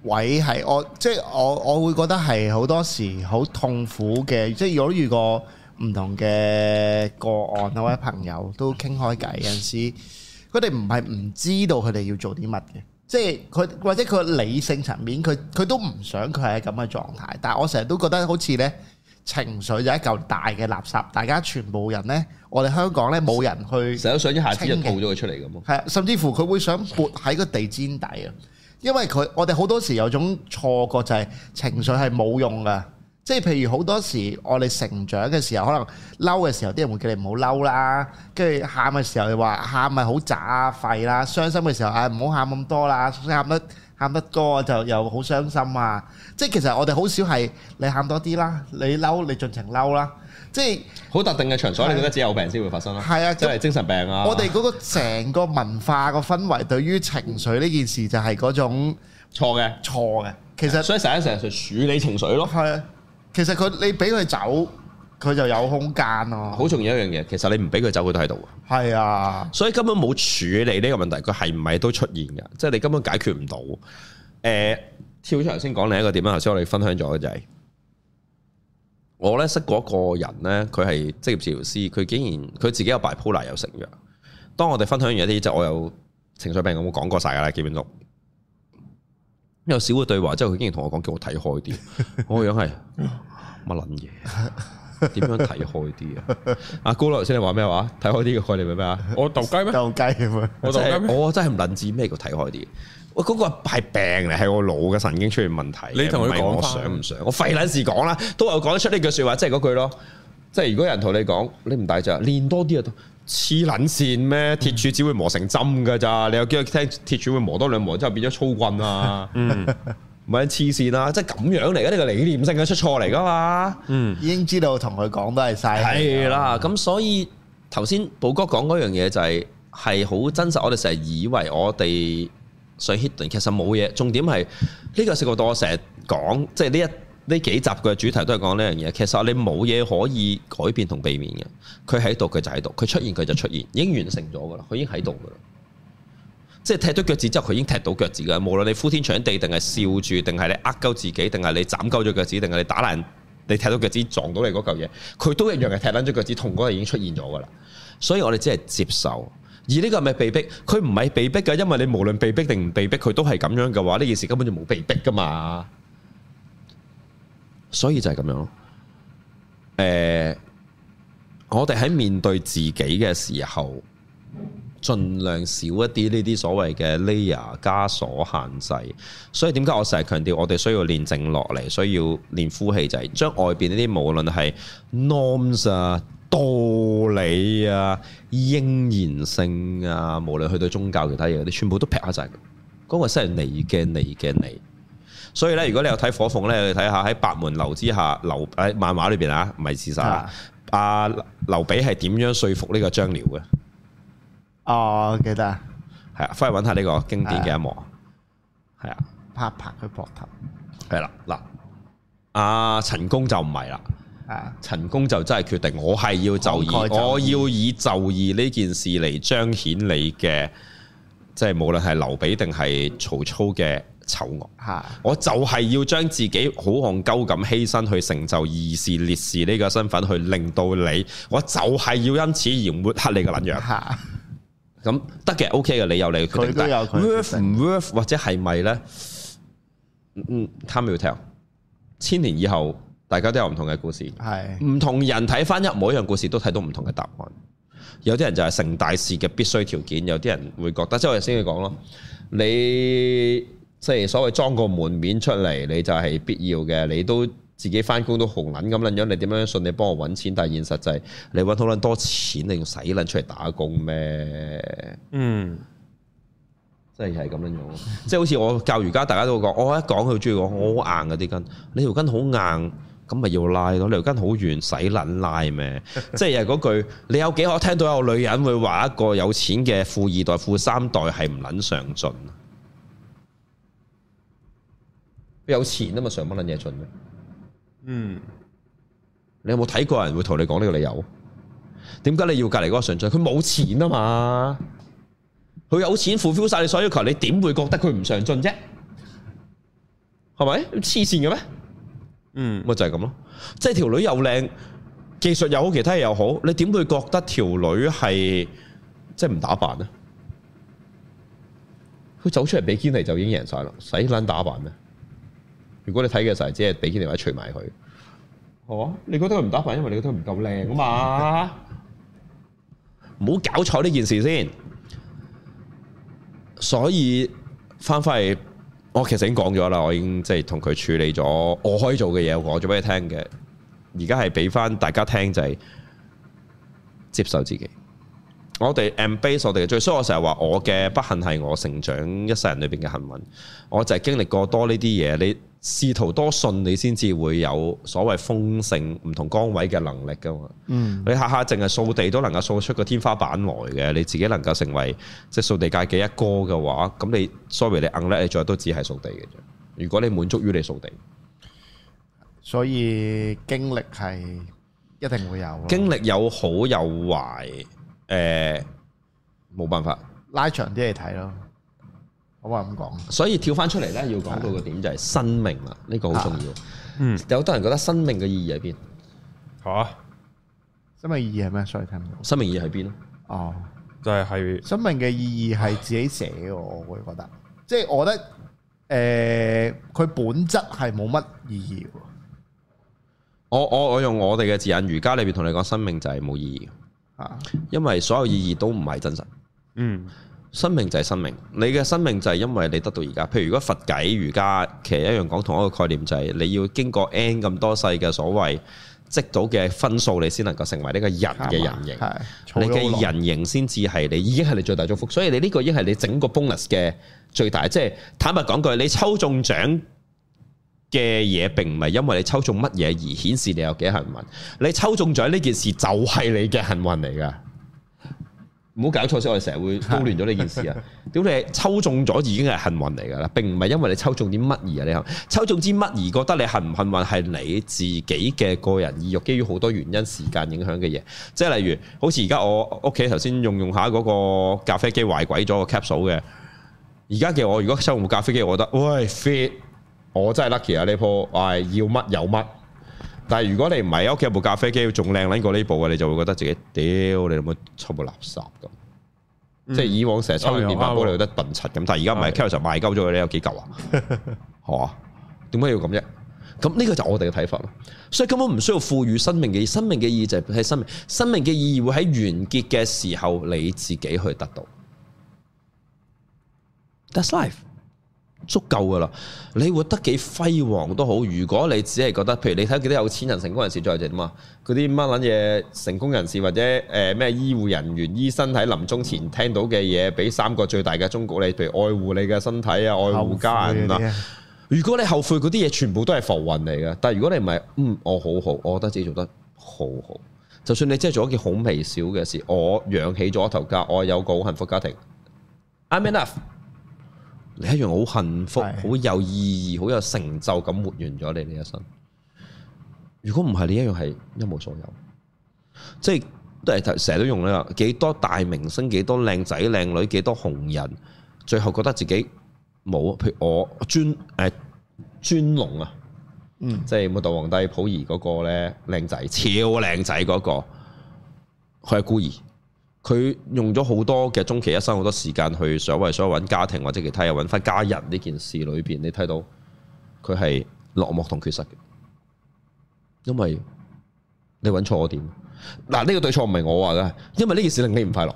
位係我，即係我，我會覺得係好多時好痛苦嘅。即係如果遇過唔同嘅個案，或者朋友都傾開偈。有陣時佢哋唔係唔知道佢哋要做啲乜嘅。即係佢或者佢理性層面，佢佢都唔想佢係咁嘅狀態。但係我成日都覺得好似呢情緒就係一嚿大嘅垃圾，大家全部人呢，我哋香港呢，冇人去，成日想一下子吐咗佢出嚟咁咯。係啊，甚至乎佢會想撥喺個地氈底啊。因為佢，我哋好多時有種錯覺就係情緒係冇用㗎，即係譬如好多時我哋成長嘅時候，可能嬲嘅時候啲人會叫你唔好嬲啦，跟住喊嘅時候又話喊咪好渣廢啦，傷心嘅時候啊唔好喊咁多啦，喊得喊得多就又好傷心啊，即係其實我哋好少係你喊多啲啦，你嬲你盡情嬲啦。即係好特定嘅場所，是你覺得只有病先會發生啦？係啊，即係精神病啊！我哋嗰個成個文化個氛圍，對於情緒呢件事就係嗰種錯嘅的錯嘅。其實、啊、所以成日成日就處理情緒咯。係、啊，其實佢你俾佢走，佢就有空間咯、啊。好重要一樣嘢，其實你唔俾佢走，佢都喺度。係啊，所以根本冇處理呢個問題，佢係唔係都出現㗎？即、就、係、是、你根本解決唔到。誒、呃，跳出嚟先講另一個點啊！頭先我哋分享咗嘅就係、是。我咧識過個人咧，佢係職業治療師，佢竟然佢自己有 bipolar，有食藥。當我哋分享完一啲就我有情緒病，我冇講過晒噶啦基本鐘。有少個對話之後，佢竟然同我講叫我睇開啲，我樣係乜撚嘢？樣點樣睇開啲啊？阿高頭先你話咩話？睇開啲嘅概念係咩啊？我鬥雞咩？鬥雞咁啊！我鬥雞，我真係唔諗知咩叫睇開啲。我嗰個係病嚟，係我腦嘅神經出現問題。你同佢講，我想唔想？我廢捻事講啦，都有講得出呢句說話，即係嗰句咯。即係如果有人同你講，你唔大隻，練多啲啊，都黐撚線咩？鐵柱只會磨成針噶咋？你又叫佢聽鐵柱會磨多兩磨之後變咗粗棍啊？唔係，咪黐線啦！即係咁樣嚟嘅，呢個理念性嘅出錯嚟噶嘛？嗯，已經知道同佢講都係嘥。係啦，咁所以頭先寶哥講嗰樣嘢就係係好真實。我哋成日以為我哋。所以 h i t o 其實冇嘢，重點係呢、呢個食個多。成日講，即係呢一呢幾集嘅主題都係講呢樣嘢。其實你冇嘢可以改變同避免嘅，佢喺度佢就喺度，佢出現佢就出現，已經完成咗噶啦，佢已經喺度噶啦。即係踢到腳趾之後，佢已經踢到腳趾㗎，無論你呼天搶地定係笑住，定係你呃鳩自己，定係你斬鳩咗腳趾，定係你打爛你踢到腳趾撞到你嗰嚿嘢，佢都一樣係踢撚咗腳趾同嗰個已經出現咗噶啦。所以我哋只係接受。而呢個係咪被逼？佢唔係被逼嘅，因為你無論被逼定唔被逼，佢都係咁樣嘅話，呢件事根本就冇被逼噶嘛。所以就係咁樣咯。誒、呃，我哋喺面對自己嘅時候，盡量少一啲呢啲所謂嘅 layer 枷鎖限制。所以點解我成日強調我哋需要練靜落嚟，需要練呼氣，就係將外邊呢啲無論係 norms 啊。道理啊，應然性啊，無論去到宗教其他嘢，你全部都劈下晒。嗰個真係你嘅，你嘅，你。所以咧，如果你有睇火鳳咧，去睇下喺白門樓之下，劉喺漫畫裏邊啊，唔係事實。阿劉備係點樣說服呢個張遼嘅？哦，記得啊，係啊，翻去揾下呢個經典嘅一幕。係啊，拍拍佢膊頭。係啦，嗱，阿陳宮就唔係啦。陳宮就真係決定，我係要就義，就義我要以就義呢件事嚟，彰顯你嘅，即係無論係劉備定係曹操嘅醜惡，嗯、我就係要將自己好戇鳩咁犧牲去成就義士烈士呢個身份，去令到你，我就係要因此而抹黑你個捻樣，咁得嘅，O K 嘅，你有你決定，有決定但係 worth 唔 worth 或者係咪咧？嗯嗯，time will tell，千年以後。大家都有唔同嘅故事，係唔的同人睇翻一模一樣故事都睇到唔同嘅答案。有啲人就係成大事嘅必須條件，有啲人會覺得，即係我哋先佢講咯，你即係所謂裝個門面出嚟，你就係必要嘅。你都自己翻工都紅捻咁捻樣，你點樣信你幫我搵錢？但係現實就係你搵好捻多錢，你用洗捻出嚟打工咩？嗯，即係係咁樣樣， [laughs] 即係好似我教瑜伽大家都講，我一講佢中意講，我好硬嘅啲筋，你條筋好硬。咁咪要拉咯，你又跟好遠，使卵拉咩？即係又嗰句，你有幾可聽到有女人會話一個有錢嘅富二代、富三代係唔卵上進？嗯、佢有錢啊嘛，上乜卵嘢進咩？嗯，你有冇睇過人會同你講呢個理由？點解你要隔籬嗰個上進？佢冇錢啊嘛，佢有錢 fulfil 晒你所有要求你，你點會覺得佢唔上進啫？係咪黐線嘅咩？嗯，咪就係咁咯，即係條女又靚，技術又好，其他嘢又好，你點會覺得條女係即係唔打扮咧？佢走出嚟比堅尼就已經贏晒啦，使撚打扮咩？如果你睇嘅就係即係比堅尼，或者除埋佢，好啊，你覺得佢唔打扮，因為你覺得唔夠靚啊嘛？唔好吧 [laughs] 搞錯呢件事先，所以翻返嚟。我其實已經講咗啦，我已經即係同佢處理咗，我可以做嘅嘢，我做俾你聽嘅。而家係畀翻大家聽就係、是、接受自己。我哋 embrace 我哋最衰，我成日話我嘅不幸係我成長一世人裏邊嘅幸運，我就係經歷過多呢啲嘢咧。你試圖多信你先至會有所謂豐盛唔同崗位嘅能力噶嘛？嗯，你下下淨係掃地都能夠掃出個天花板來嘅，你自己能夠成為即係掃地界嘅一哥嘅話，咁你 sorry 你硬叻你最後都只係掃地嘅啫。如果你滿足於你掃地，所以經歷係一定會有。經歷有好有壞，誒冇辦法拉長啲嚟睇咯。我話咁講，好好所以跳翻出嚟咧，要講到個點就係生命啦，呢、啊、個好重要。啊、嗯，有好多人覺得生命嘅意義喺邊？吓、啊，生命意義係咩？所以聽唔到。就是、是生命意義喺邊咯？哦，就係係。生命嘅意義係自己寫嘅，啊、我會覺得，即、就、係、是、我覺得，誒、呃，佢本質係冇乜意義。我我我用我哋嘅字眼瑜伽裏邊同你講，生命就係冇意義啊，因為所有意義都唔係真實。嗯。生命就係生命，你嘅生命就係因為你得到而家。譬如如果佛偈、瑜伽其實一樣講同一個概念，就係你要經過 n 咁多世嘅所謂積到嘅分數，你先能夠成為呢個人嘅人形。冇錯，你嘅人形先至係你，已經係你最大祝福。所以你呢個已經係你整個 bonus 嘅最大。即係坦白講句，你抽中獎嘅嘢並唔係因為你抽中乜嘢而顯示你有幾幸運。你抽中獎呢件事就係你嘅幸運嚟噶。唔好搞錯先，我哋成日會搞亂咗呢件事啊！屌 [laughs] 你抽中咗已經係幸運嚟㗎啦，並唔係因為你抽中啲乜而啊。你抽中啲乜而覺得你幸唔幸運係你自己嘅個人意欲，基於好多原因、時間影響嘅嘢。即係例如，好似而家我屋企頭先用用下嗰個咖啡機壞鬼咗個 capsule 嘅，而家嘅我如果收用咖啡機，我覺得喂 fit，我真係 lucky 啊！呢鋪我要乜有乜。但係如果你唔係，屋企有部咖啡機仲靚捻過呢部嘅，你就會覺得自己屌你有冇抽部垃圾咁？嗯、即係以往成日抽電飯煲，嗯嗯、把把你都得頓柒咁。但係而家唔係 Carousell 賣鳩咗，你有幾舊、嗯、 [laughs] 啊？係嘛？點解要咁啫？咁呢個就我哋嘅睇法咯。所以根本唔需要賦予生命嘅生命嘅意義，係生命。生命嘅意義會喺完結嘅時候你自己去得到。That's life. 足夠噶啦！你活得幾輝煌都好。如果你只係覺得，譬如你睇幾多有錢人，成人、成功人士在定嘛？嗰啲乜撚嘢成功人士或者誒咩、呃、醫護人員、醫生喺臨終前聽到嘅嘢，俾三個最大嘅忠告你，譬如愛護你嘅身體啊，愛護家人啊。如果你後悔嗰啲嘢，全部都係浮雲嚟嘅。但係如果你唔係，嗯，我好好，我覺得自己做得好好。就算你真係做一件好微小嘅事，我養起咗一頭家，我有個好幸福家庭。I'm enough。你一樣好幸福、好有意義、好有成就咁活完咗你呢一生。如果唔係，你一樣係一無所有。即係都係成日都用呢個幾多大明星、幾多靚仔靚女、幾多紅人，最後覺得自己冇啊。譬如我尊誒尊龍啊，嗯，即係末代皇帝溥儀嗰個咧靚仔，超靚仔嗰個，佢係孤兒。佢用咗好多嘅終其一生好多時間去所謂，所以揾家庭或者其他又揾翻家人呢件事裏邊，你睇到佢係落寞同缺失嘅，因為你揾錯我點？嗱、啊，呢、呢個對錯唔係我話嘅，因為呢件事令你唔快樂，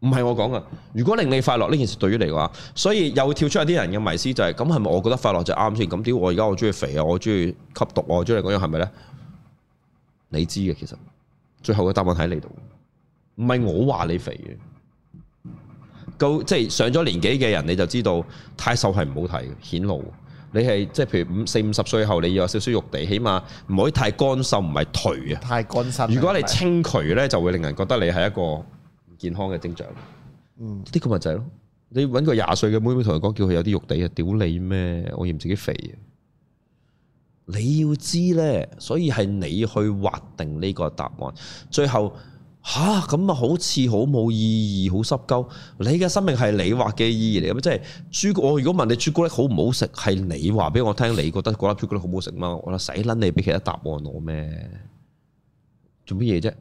唔係我講噶。如果令你快樂呢件事對於你嘅話，所以又跳出一啲人嘅迷思就係、是、咁，係咪我覺得快樂就啱先？咁屌，我而家我中意肥啊，我中意吸毒我中意嗰樣係咪呢？你知嘅其實，最後嘅答案喺你度。唔係我話你肥嘅，咁即係上咗年紀嘅人你就知道太瘦係唔好睇，顯露。你係即係譬如五四五十歲後，你要有少少肉地，起碼唔可以太乾瘦，唔係頹啊。太乾身。如果你清頹咧，是是就會令人覺得你係一個唔健康嘅徵象。嗯，呢個咪就係、是、咯。你揾個廿歲嘅妹妹同人講，叫佢有啲肉地啊，屌你咩？我嫌自己肥啊。你要知咧，所以係你去劃定呢個答案，最後。吓咁啊，好似好冇意義，好濕鳩。你嘅生命係你話嘅意義嚟，咁即係朱我如果問你朱古力好唔好食，係你話俾我聽，你覺得嗰粒朱古力好唔好食嘛？我話使撚你俾其他答案我咩？做乜嘢啫？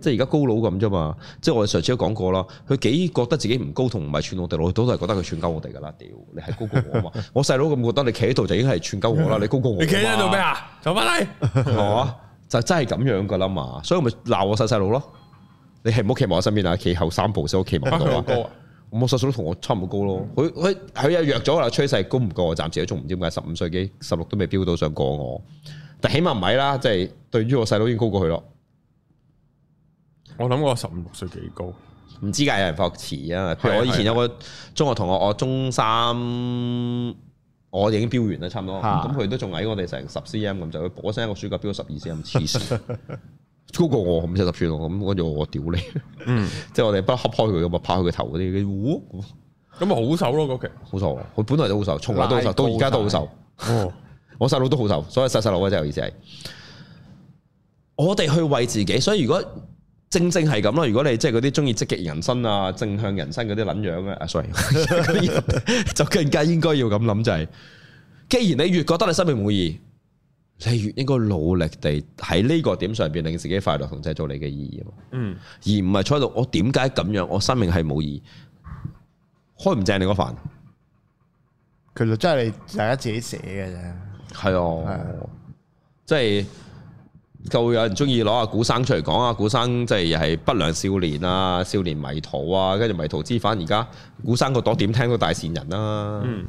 即係而家高佬咁啫嘛。即係我哋上次都講過啦，佢幾覺得自己唔高，同唔係串我哋老，我都係覺得佢串鳩我哋噶啦。屌，你係高過我嘛？我細佬咁覺得你企喺度就已經係串鳩我啦。你高過我，你企喺度做咩啊？走翻嚟，係 [laughs] [laughs] 就真係咁樣噶啦嘛。所以咪鬧我細細佬咯。你係唔好企望我身邊啊，企後三步先我企望到啊。我細佬都同我差唔多高咯。佢佢佢又弱咗啦，趨勢高唔過我。暫時都仲唔知點解十五歲幾十六都未飆到上過我。但起碼唔矮啦，即係對於我細佬已經高過佢咯。我諗我十五六歲幾高？唔知㗎，有人學遲啊。譬如我以前有個中學同學，我中三我已經飆完啦，差唔多。咁佢的都仲矮我哋成十 cm 咁，就佢補咗身一個暑假飆到十二 cm，黐線 [laughs] 超過我五成十寸咯，咁跟住我屌你，嗯，即係我哋不恰開佢咁啊，拍佢個頭嗰啲，咁啊好瘦咯，嗰期好瘦，佢本來都好瘦，從來都好瘦，到而家都好瘦。哦、我細佬都好瘦，所以細細佬嘅即係意思係，小小我哋去為自己。所以如果正正係咁咯，如果你即係嗰啲中意積極人生啊、正向人生嗰啲卵樣咧，啊 sorry， [laughs] [laughs] [laughs] 就更加應該要咁諗就係、是，既然你越覺得你生命唔滿意。你越應該努力地喺呢個點上邊令自己快樂同製造你嘅意義，嗯，而唔係坐喺度我點解咁樣？我生命係冇意義開唔正你個飯，其實真係你大家自己寫嘅啫，係哦、啊，啊、即係就會有人中意攞阿古生出嚟講啊，古生即係又係不良少年啊，少年迷途啊，跟住迷途知返，而家古生個朵點聽都大善人啦、啊。嗯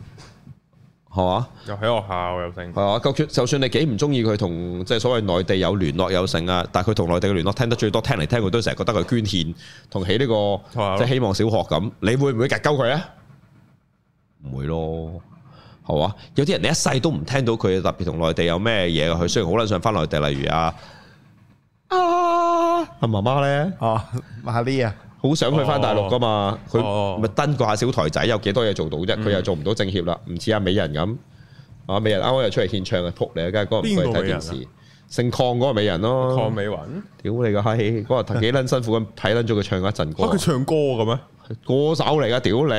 係嘛？又喺學校又成。係啊，就算就算你幾唔中意佢同即係所謂內地有聯絡有成啊，但係佢同內地嘅聯絡聽得最多，聽嚟聽去都成日覺得佢捐獻同起呢、這個、嗯、即希望小學咁，你會唔會夾鳩佢啊？唔、嗯、會咯，係嘛？有啲人你一世都唔聽到佢特別同內地有咩嘢佢雖然好想上翻內地，例如啊啊，阿媽媽咧，啊 Lily 啊。媽媽好想去翻大陸噶嘛？佢咪、哦、登過下小台仔，有幾多嘢做到啫？佢、嗯、又做唔到政協啦，唔似阿美人咁。啊，美人啱啱又出嚟獻唱仆你街啊，梗係過唔去睇電視。啊、姓鄺嗰個美人咯，鄺美雲？屌你個、啊、閪，嗰日幾撚辛苦咁睇撚咗佢唱咗一陣歌。佢、啊、唱歌嘅咩？歌手嚟噶，屌你！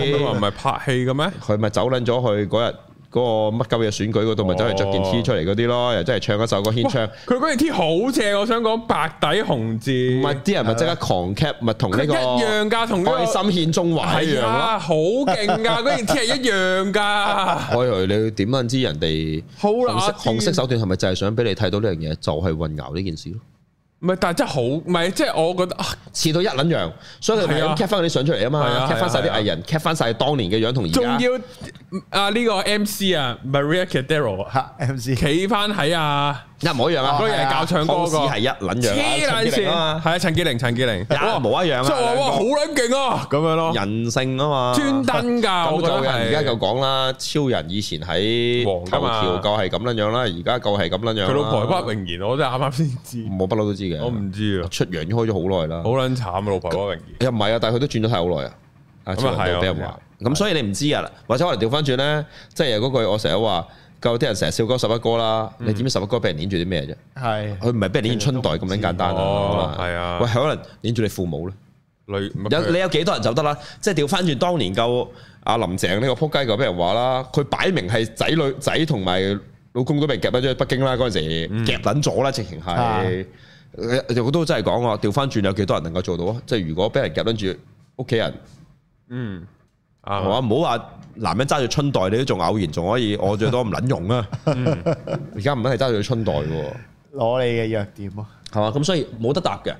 咁佢唔係拍戲嘅咩？佢咪走撚咗去嗰日。嗰個乜鳩嘅選舉嗰度，咪走嚟着件 T 出嚟嗰啲咯，又真係唱一首歌獻唱。佢嗰件 T 好正，我想講白底紅字。唔係，啲人咪即刻狂 cap，咪同呢個一樣㗎，同呢個心獻中華一樣咯，好勁㗎！嗰件、這個、 [laughs] T 係一樣㗎。 [laughs] 我以為你點樣知人哋紅色紅色手段係咪就係想俾你睇到呢樣嘢，就係、是、混淆呢件事咯。唔係，但係真係好，唔係即係我覺得似、啊、到一撚樣，所以你咪咁 cap 翻嗰啲相出嚟啊嘛，cap 翻晒啲藝人，cap 翻晒當年嘅樣同而家。仲要啊呢、呢個 MC 啊 Maria Cadero 啊，MC 企翻喺啊。一模一樣啊？嗰樣係教唱歌個，係一撚樣。黐撚線啊！係啊，陳潔靈，陳潔靈，又冇一樣啊！好撚勁啊！咁樣咯，人性啊嘛，專登㗎。咁就而家就講啦。超人以前喺黃金橋，夠係咁撚樣啦。而家夠係咁撚樣。佢老婆阿榮言，我真係啱啱先知。我不嬲都知嘅。我唔知啊。出洋咗開咗好耐啦。好撚慘啊！老婆阿榮言。又唔係啊？但係佢都轉咗太好耐啊！阿超人俾人話。咁所以你唔知啊啦。或者我哋調翻轉咧，即係嗰句我成日話。夠啲人成日笑嗰十一哥啦，嗯、你點知十一哥俾人捏住啲咩啫？係是，佢唔係俾人捏住春袋咁樣簡單、哦、樣啊！係啊，喂，可能捏住你父母咧，有你有幾多人就得啦？即係調翻轉當年夠阿林鄭呢個撲街就俾人話啦，佢擺明係仔女仔同埋老公都俾人夾咗去北京啦，嗰陣時、嗯、夾緊咗啦，直情係、嗯是，我都真係講喎，調翻轉有幾多人能夠做到啊？即係如果俾人夾緊住屋企人，嗯。啊，唔好話男人揸住春袋，你都仲偶然，仲可以我最多唔撚用啊！而家唔係揸住春袋喎，攞你嘅弱點咯。係嘛？咁所以冇得答嘅。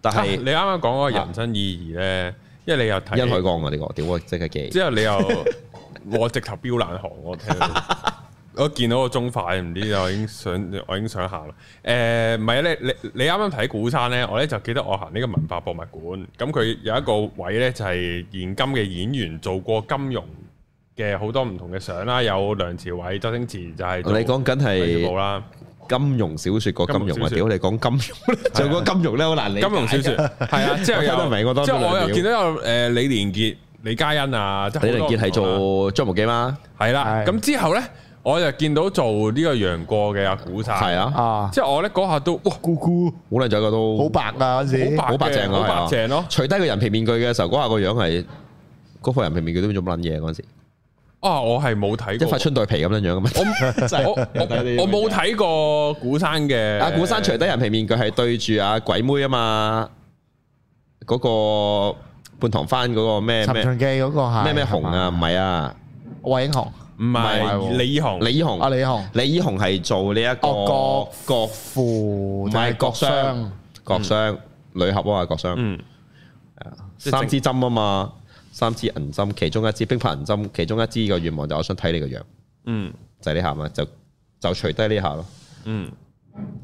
但係、啊、你啱啱講嗰個人生意義咧，啊、因為你又睇殷海光啊呢、呢個，屌啊即刻記。之後你又 [laughs] 我直頭飈冷汗，我聽。 [laughs] 我見到個鐘快唔知我已經想，我已經想行啦。誒，唔係啊，你你你啱啱睇古山咧，我咧就記得我行呢個文化博物館。咁佢有一個位咧，就係現今嘅演員做過金庸嘅好多唔同嘅相啦。有梁朝偉、周星馳就係。你講緊係冇啦，金庸小說過金庸啊？屌你講金庸咧？就講金庸咧好難。金庸小說係啊，即係我唔明。即係我又見到有誒李連杰、李嘉欣啊。李連杰係做張無忌嘛？係啦，咁之後咧。我又見到做呢個楊過嘅阿古山，係啊，啊，即係我咧嗰下都哇，姑姑好靚仔個都好白啊！嗰時好白淨，好白淨咯。除低個人皮面具嘅時候，嗰下個樣係嗰副人皮面具都做乜撚嘢啊！嗰陣時啊，我係冇睇一塊春袋皮咁樣樣嘅嘛。我冇睇過古山嘅阿古山，除低人皮面具係對住阿鬼妹啊嘛。嗰個半糖翻嗰個咩咩？《神鵰記》咩咩紅啊？唔係啊，惠英紅。唔係李綺紅，啊，李綺紅啊李綺紅，這個，李綺紅係做呢一個郭郭芙，唔係郭襄，郭襄女俠啊郭襄，嗯，嗯三支針啊嘛，三支銀針，其中一支冰魄銀針，其中一支，個願望就我想睇你個樣，嗯，就呢下嘛，就就除低呢下咯，嗯。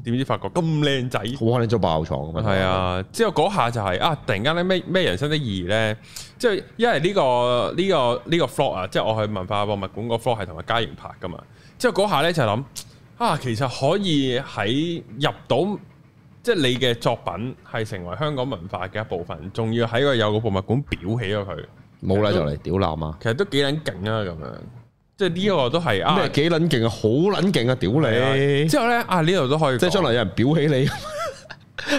點知發覺咁靚仔，好可能做爆廠咁樣！係 [music] [music] 啊，之後嗰下就係、是、啊，突然間咧咩咩人生得意咧，即、就、係、是、因為呢、呢個呢、呢個呢、呢個 floor 啊，即係我去文化博物館個 floor 係同埋嘉瑩拍噶嘛，之後嗰下咧就諗啊，其實可以喺入到即係、就是、你嘅作品係成為香港文化嘅一部分，仲要喺個有個博物館裱起咗佢，冇禮就嚟屌爛啊！其實都幾捻勁啊咁、啊、樣。即係呢一個都係啊，幾捻勁啊，好捻勁啊，屌你！之後咧啊呢度都可以，即係將來有人裱起你，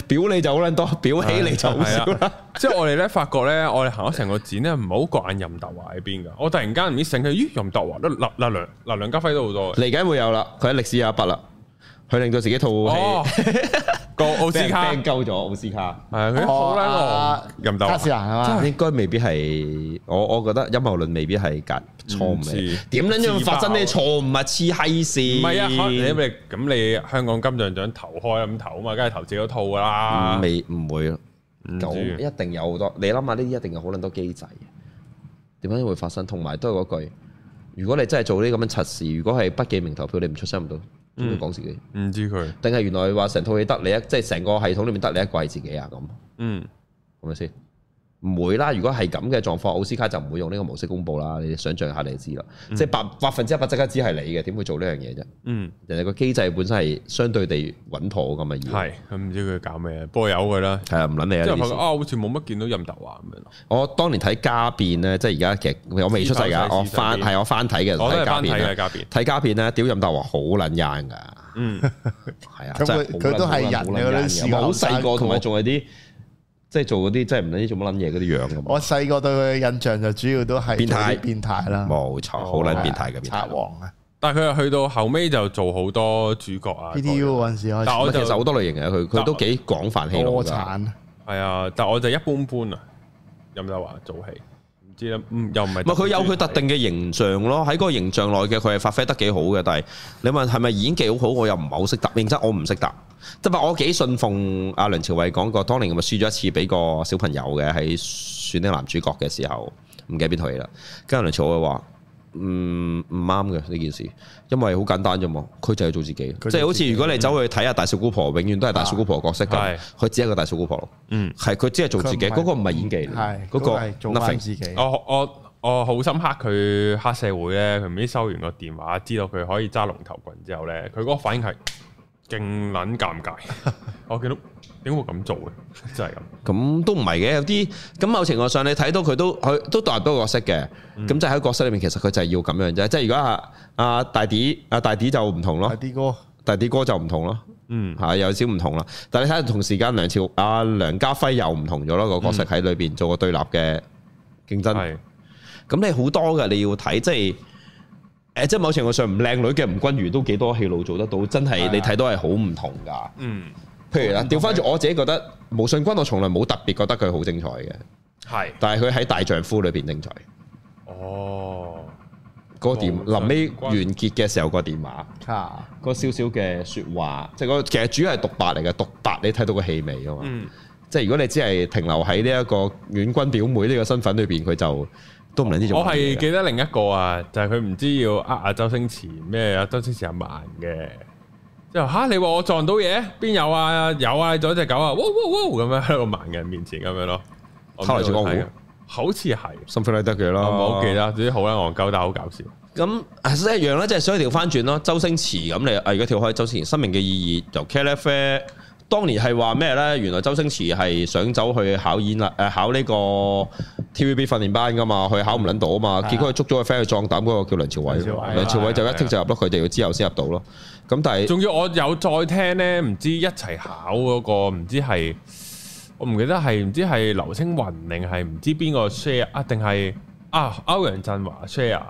表你就好捻多，裱起你就好少啦。之後我哋咧發覺咧，我哋行咗成個展咧，唔係好慣任達華喺邊噶。我突然間唔知醒起佢，咦？任達華咧嗱嗱梁梁家輝都好多嚟緊會有啦，佢喺歷史有一筆啦。佢令到自己套戲個奧斯卡掹鳩咗奧斯卡，係佢好啦，任斗卡斯蘭係應該未必係，我我覺得陰謀論未必係格錯誤。點捻樣會發生呢啲錯誤啊，似閪事？唔係啊，你咁你香港金像獎投開咁投啊嘛，梗係投自己套噶啦。未唔會咯？一定有好多你諗下呢啲一定有好捻多機制嘅，點解會發生？同埋都係嗰句：如果你真係做呢啲咁嘅測試，如果係不記名投票，你唔出聲唔到。中意講自己，唔、嗯、知佢，定係原來話成套戲得你一，即係成個系統裡面得你一個係自己啊咁，嗯，係咪先？唔會啦，如果係咁嘅狀況，奧斯卡就唔會用呢個模式公佈啦。你想像下你就知啦，即係百百分之一百，即刻知係你嘅，點會做呢樣嘢啫？嗯，人哋個機制本身係相對地穩妥咁嘅意思。咁唔知佢搞咩？不過有佢啦。係啊，唔撚你啊！即好似冇乜見到任達華咁樣。我當年睇家變咧，即係而家其實我未出世嘅，我翻係我翻睇嘅。我都係翻睇嘅家變。睇家變咧，屌任達華好撚癮㗎！嗯，係啊，真係佢都係人，佢都係人，好細個同埋仲係啲。即係做嗰啲，即係唔知做乜撚嘢嗰啲樣嘅。樣嘛，我細個對佢印象就主要都係變態，變態啦。冇態錯，好撚變態嘅、哦、變態王啊！但係佢又去到後尾就做好多主角啊。P.T.U 嗰陣時開始，但係其實好多類型嘅佢，佢就都幾廣泛戲路㗎。多產係慘啊，但係我就一般般啊。任達華做戲。知啦，又唔係。唔係佢有佢特定嘅形象咯，喺嗰個形象內嘅佢係發揮得幾好嘅，但係你問係咪演技好好？我又唔係好識答。認真我唔識答。得唔，我幾信奉阿梁朝偉講過，當年佢咪輸咗一次俾個小朋友嘅，喺選啲男主角嘅時候，唔記得邊套戲啦。跟住梁朝偉話。唔唔啱嘅呢件事，因為好簡單啫嘛，佢就係做自己，自己即係好似如果你走去睇下大小姑婆，嗯、永遠都係大小姑婆角色嘅，佢、啊、只係個大小姑婆咯。嗯，係佢只係做自己，嗰個唔係演技，嗰是、嗰個係做返自己。我我我好深刻佢黑社會咧，佢唔知收完個電話，知道佢可以揸龍頭棍之後咧，佢嗰個反應係勁撚尷尬， [laughs] 我見到。點會咁做嘅？真係咁咁，都唔係嘅，有啲咁，某程度上你睇到佢都佢都代入到角色嘅，咁、嗯、就喺角色裏面，其實佢就係要咁樣啫。即係如果阿、啊、阿、啊、大 D 阿、啊、大 D 就唔同咯，大 D 哥大 D 哥就唔同咯，嗯吓、啊、有少唔同啦。但係你睇下同時間梁朝阿、啊、梁家輝又唔同咗咯，個角色喺裏邊做個對立嘅競爭係。咁、嗯、你好多噶你要睇，即係誒，即係某程度上唔靚女嘅吳君如都幾多戲路做得到，真係你睇到係好唔同噶，嗯。嗯譬如啦，調翻轉我自己覺得無信君，我從來冇特別覺得佢好精彩嘅。係，但係佢喺大丈夫裏邊精彩。哦，嗰個電話臨尾完結嘅時候個電話，個少少嘅説話，即係個其實主要係獨白嚟嘅，獨白你睇到個氣味啊嘛。嗯，即係如果你只係停留喺呢一個婉君表妹呢個身份裏邊，佢就都唔能呢種。我係記得另一個啊，就係佢唔知要呃阿周星馳咩阿周星馳阿曼嘅。吓、啊、你話我撞到嘢？邊有啊？有啊！仲有隻狗啊！哇哇哇咁樣喺個盲人面前咁樣咯，偷嚟似江湖，的好似係，心肺都、啊嗯、得嘅咯，冇記得，自己好啦，憨鳩但好搞笑。咁一樣咧，即係想調翻轉咯，周星馳咁你，而家跳開周星馳，生命嘅意義就 care 咧。friend 當年係話咩咧？原來周星馳係想走去考演啊，誒，考呢個 TVB 訓練班噶嘛，佢考唔捻到啊嘛，結果佢捉咗個 friend 去壯膽嗰個叫梁朝偉，梁朝偉就一聽就入咯，佢哋之後先入到咯。咁但係，仲要我有再聽呢？唔知一齊考嗰個，唔知係我唔記得係，唔知係劉青雲定係唔知邊個 share 啊？定係啊歐陽震華 share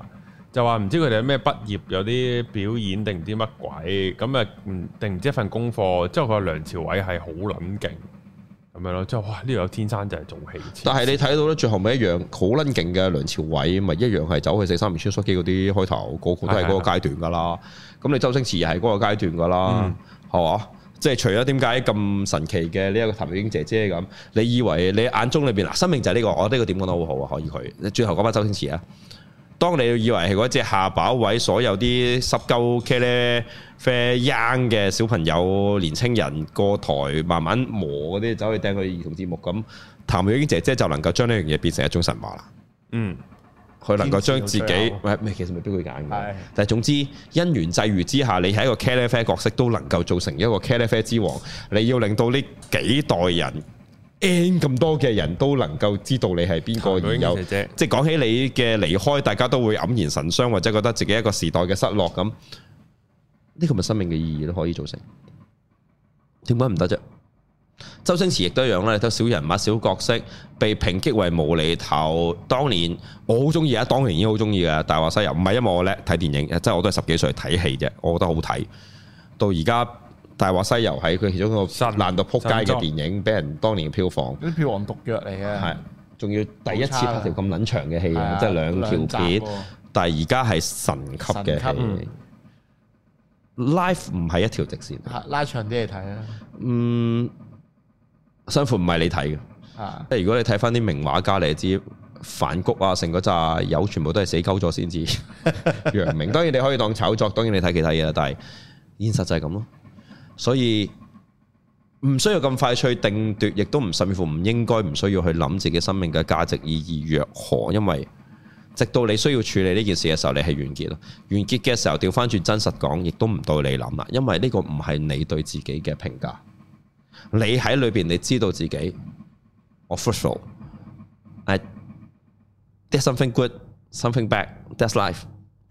就話唔知佢哋咩畢業有啲表演定唔知乜鬼咁啊？嗯，定唔知一份功課，之後佢話梁朝偉係好撚勁。咁樣咯，即係哇！呢度有天生就係做戲。但係你睇到咧，最後咪一樣好撚勁嘅梁朝偉，咪一樣係走去四三五穿梭機嗰啲開頭，個個都係嗰個階段噶啦。咁你周星馳又係嗰個階段噶啦，係嘛、嗯？即係除咗點解咁神奇嘅呢一個譚英英姐姐咁，你以為你眼中裏邊嗱，生命就係呢個？我覺得呢個點講都好好啊，可以佢。你最後講翻周星馳啊。當你以為係嗰隻下飽位，所有啲濕鳩茄呢啡嘅小朋友、年青人過台慢慢磨嗰啲走去掟佢兒童節目咁，譚玉瑛姐姐就能夠將呢樣嘢變成一種神話啦。嗯，佢能夠將自己，喂，其實未必邊個揀嘅，但係總之因緣際遇之下，你係一個茄呢啡角色，都能夠做成一個茄呢啡之王。你要令到呢幾代人。n 咁多嘅人都能夠知道你係邊個而有，姐姐即係講起你嘅離開，大家都會黯然神傷或者覺得自己一個時代嘅失落咁。呢個咪生命嘅意義都可以造成點解唔得啫？周星馳亦都一樣啦，睇小人物、小角色被抨擊為無厘頭。當年我好中意啊，當年已經好中意嘅《大話西遊》，唔係因為我叻睇電影，即係我都係十幾歲睇戲啫，我覺得好睇到而家。《大話西遊》喺佢其中一個爛到撲街嘅電影，俾人當年票房。啲票房毒藥嚟嘅。係，仲要第一次拍條咁撚長嘅戲，即係兩條片。但係而家係神級嘅戲。Life 唔係一條直線，拉長啲嚟睇啊。嗯，辛苦唔係你睇嘅。即係如果你睇翻啲名畫家，你知梵谷啊，成個扎友全部都係死鳩咗先知。楊明 [laughs] [laughs] [laughs] 當然你可以當炒作，當然你睇其他嘢啦。但係現實就係咁咯。所以唔需要咁快去定奪，亦都唔甚至乎唔應該唔需要去諗自己生命嘅價值意義若何？因為直到你需要處理呢件事嘅時候，你係完結咯。完結嘅時候，調翻轉真實講，亦都唔到你諗啦，因為呢個唔係你對自己嘅評價，你喺裏邊，你知道自己，official, I there's something good, something bad. That's life.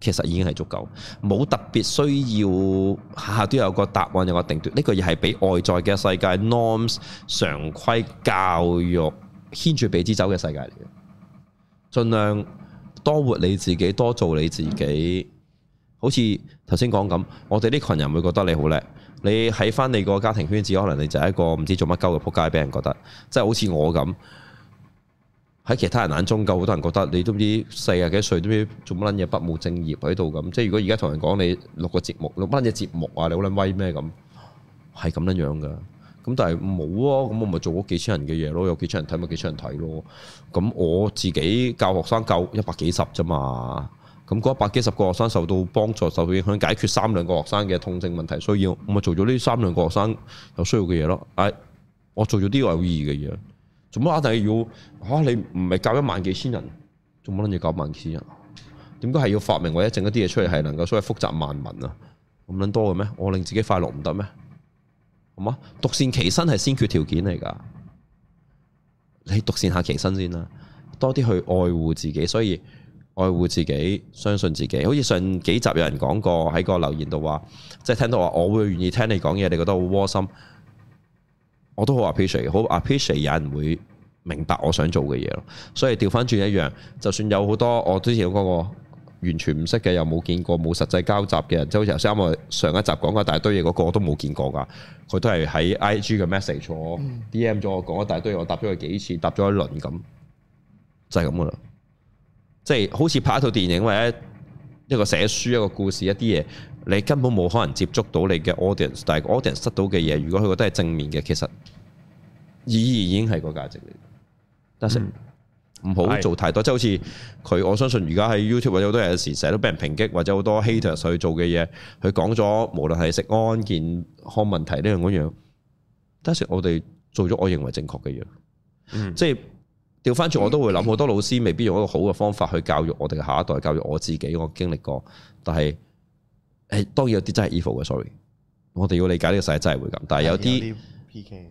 其實已經係足夠，冇特別需要下下都有個答案，有個定奪。呢個嘢係俾外在嘅世界 norms 常規教育牽住鼻子走嘅世界嚟嘅。盡量多活你自己，多做你自己。好似頭先講咁，我哋呢群人會覺得你好叻。你喺翻你個家庭圈子，可能你就係一個唔知做乜鳩嘅撲街，俾人覺得即係好似我咁。喺其他人眼中，夠好多人覺得你都唔知四十幾歲，都唔知做乜撚嘢，不務正業喺度咁。即係如果而家同人講你錄個節目，錄乜嘢節目啊？你好撚威咩咁？係咁樣樣噶。咁但係冇啊，咁我咪做咗幾千人嘅嘢咯，有幾千人睇咪幾千人睇咯。咁我自己教學生教一百幾十咋嘛？咁嗰一百幾十個學生受到幫助、受到影響、解決三兩個學生嘅痛症問題需要，所以我咪做咗呢三兩個學生有需要嘅嘢咯。誒，我做咗呢個有意義嘅嘢。做乜啊？定係要嚇你唔係教一萬幾千人，做乜捻住教萬幾千人？點解係要發明或者整一啲嘢出嚟，係能夠所謂複雜萬民啊？咁捻多嘅咩？我令自己快樂唔得咩？好嘛，獨善其身係先決條件嚟噶。你獨善下其身先啦，多啲去愛護自己，所以愛護自己，相信自己。好似上幾集有人講過喺個留言度話，即係聽到話我會願意聽你講嘢，你覺得好窩心。我都好 appreciate，好 appreciate，有人會明白我想做嘅嘢咯。所以調翻轉一樣，就算有好多我之前嗰個完全唔識嘅，又冇見過冇實際交集嘅人，即係好似頭先啱我上一集講過一大堆嘢嗰個，都冇見過㗎。佢都係喺 IG 嘅 message，DM 咗我講一大堆，我答咗佢幾次，答咗一輪咁，就係咁噶啦。即係好似拍一套電影或者一個寫書、一個故事、一啲嘢。你根本冇可能接觸到你嘅 audience，但係 audience 得到嘅嘢，如果佢覺得係正面嘅，其實意義已經係個價值嚟。嗯。但係唔好做太多，的即係好似佢，我相信而家喺 YouTube 或者好多有時成日都俾人抨擊，或者好多 hater 去做嘅嘢，佢講咗無論係食安健康問題呢樣嗰樣，但係我哋做咗，我認為正確嘅嘢。嗯、即係調返轉，我都會諗好多老師未必用一個好嘅方法去教育我哋嘅下一代，教育我自己，我自己，我經歷過，但係。誒、哎，當然有啲真係 evil 嘅，sorry，我哋要理解呢個世界真係會咁，但係有啲，有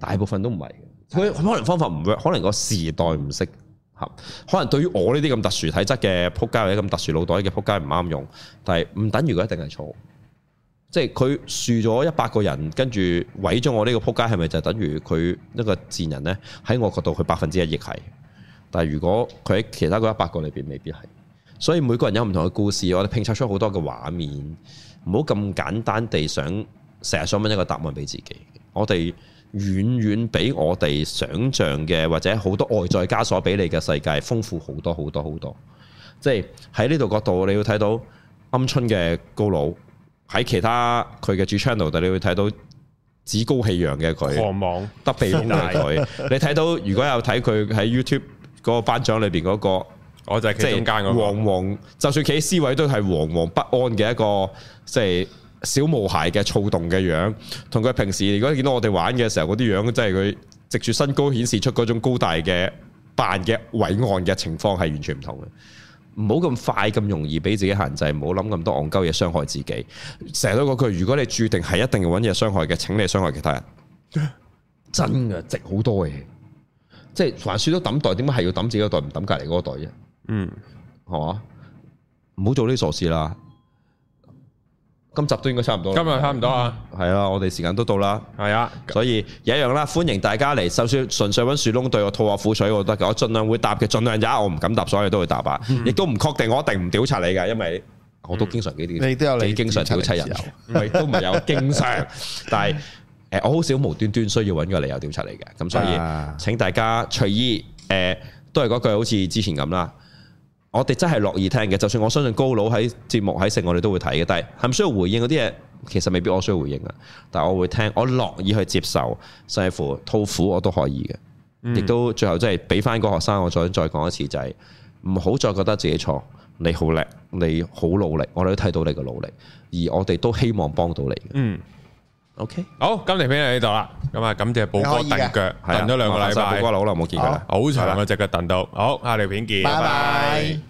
大部分都唔係嘅，佢的可能方法唔 work，可能個時代唔適合，可能對於我呢啲咁特殊體質嘅扑街或者咁特殊腦袋嘅扑街唔啱用，但係唔等於佢一定係錯，即係佢輸咗一百個人，跟住毀咗我呢個扑街，係咪就等於佢一個賤人呢？喺我角度，佢百分之一億係，但係如果佢喺其他嗰一百個裏邊，未必係，所以每個人有唔同嘅故事，我哋拼湊出好多嘅畫面。.唔好咁簡單地想，成日想問一個答案俾自己。我哋遠遠比我哋想象嘅，或者好多外在枷鎖俾你嘅世界豐富好多好多好多。即係喺呢度角度，你要睇到鵪鶉嘅高佬喺其他佢嘅主 channel 度，你會睇到趾高氣揚嘅佢，狂妄得鼻大 [laughs] 你睇到如果有睇佢喺 YouTube 嗰個班長裏邊嗰、那個。我就係中間嗰個，惶惶就算企喺 C 位都係惶惶不安嘅一個，即係小毛孩嘅躁動嘅樣，同佢平時如果見到我哋玩嘅時候嗰啲樣，即係佢直住身高顯示出嗰種高大嘅扮嘅偉岸嘅情況係完全唔同嘅。唔好咁快咁容易俾自己限制，唔好諗咁多戇鳩嘢傷害自己。成日都嗰句，如果你注定係一定要揾嘢傷害嘅，請你傷害其他人。真嘅的值好多嘅嘢，即係凡輸都揼袋，點解係要揼自己個袋唔揼隔離嗰個袋啫？嗯，好啊，唔 [noise] 好樂做啲傻事啦。今集都應該差唔多，今差多，今日差唔多啊。係啊，我哋時間都到啦。係啊，所以一樣啦。歡迎大家嚟，就算純粹揾樹窿對我吐下苦水，我覺得我盡量會答嘅，盡量咋，我唔敢答，所以都會答吧。亦、嗯、都唔確定，我一定唔屌柒你嘅，因為我都經常幾啲，你都有你經常屌柒人，唔係都唔係有經常。但係誒，我好少無端端需要揾個理由屌柒你嘅，咁所以請大家隨意。誒、呃呃呃，都係嗰句，好、呃、似、嗯、之前咁啦。嗯我哋真係樂意聽嘅，就算我相信高佬喺節目喺成，我哋都會睇嘅。但係係咪需要回應嗰啲嘢，其實未必我需要回應啊。但係我會聽，我樂意去接受，甚至乎痛苦我都可以嘅。亦、嗯、都最後即係俾翻個學生，我想再講一次，就係唔好再覺得自己錯，你好叻，你好努力，我哋都睇到你嘅努力，而我哋都希望幫到你。嗯。O Okay . K，好，今條片喺呢度啦，咁啊，感謝寶哥頂腳，頂咗的兩個禮拜，寶哥好耐冇見佢啦，好長嗰隻腳頂到，好，吧好，下條片見，拜拜 bye。Bye bye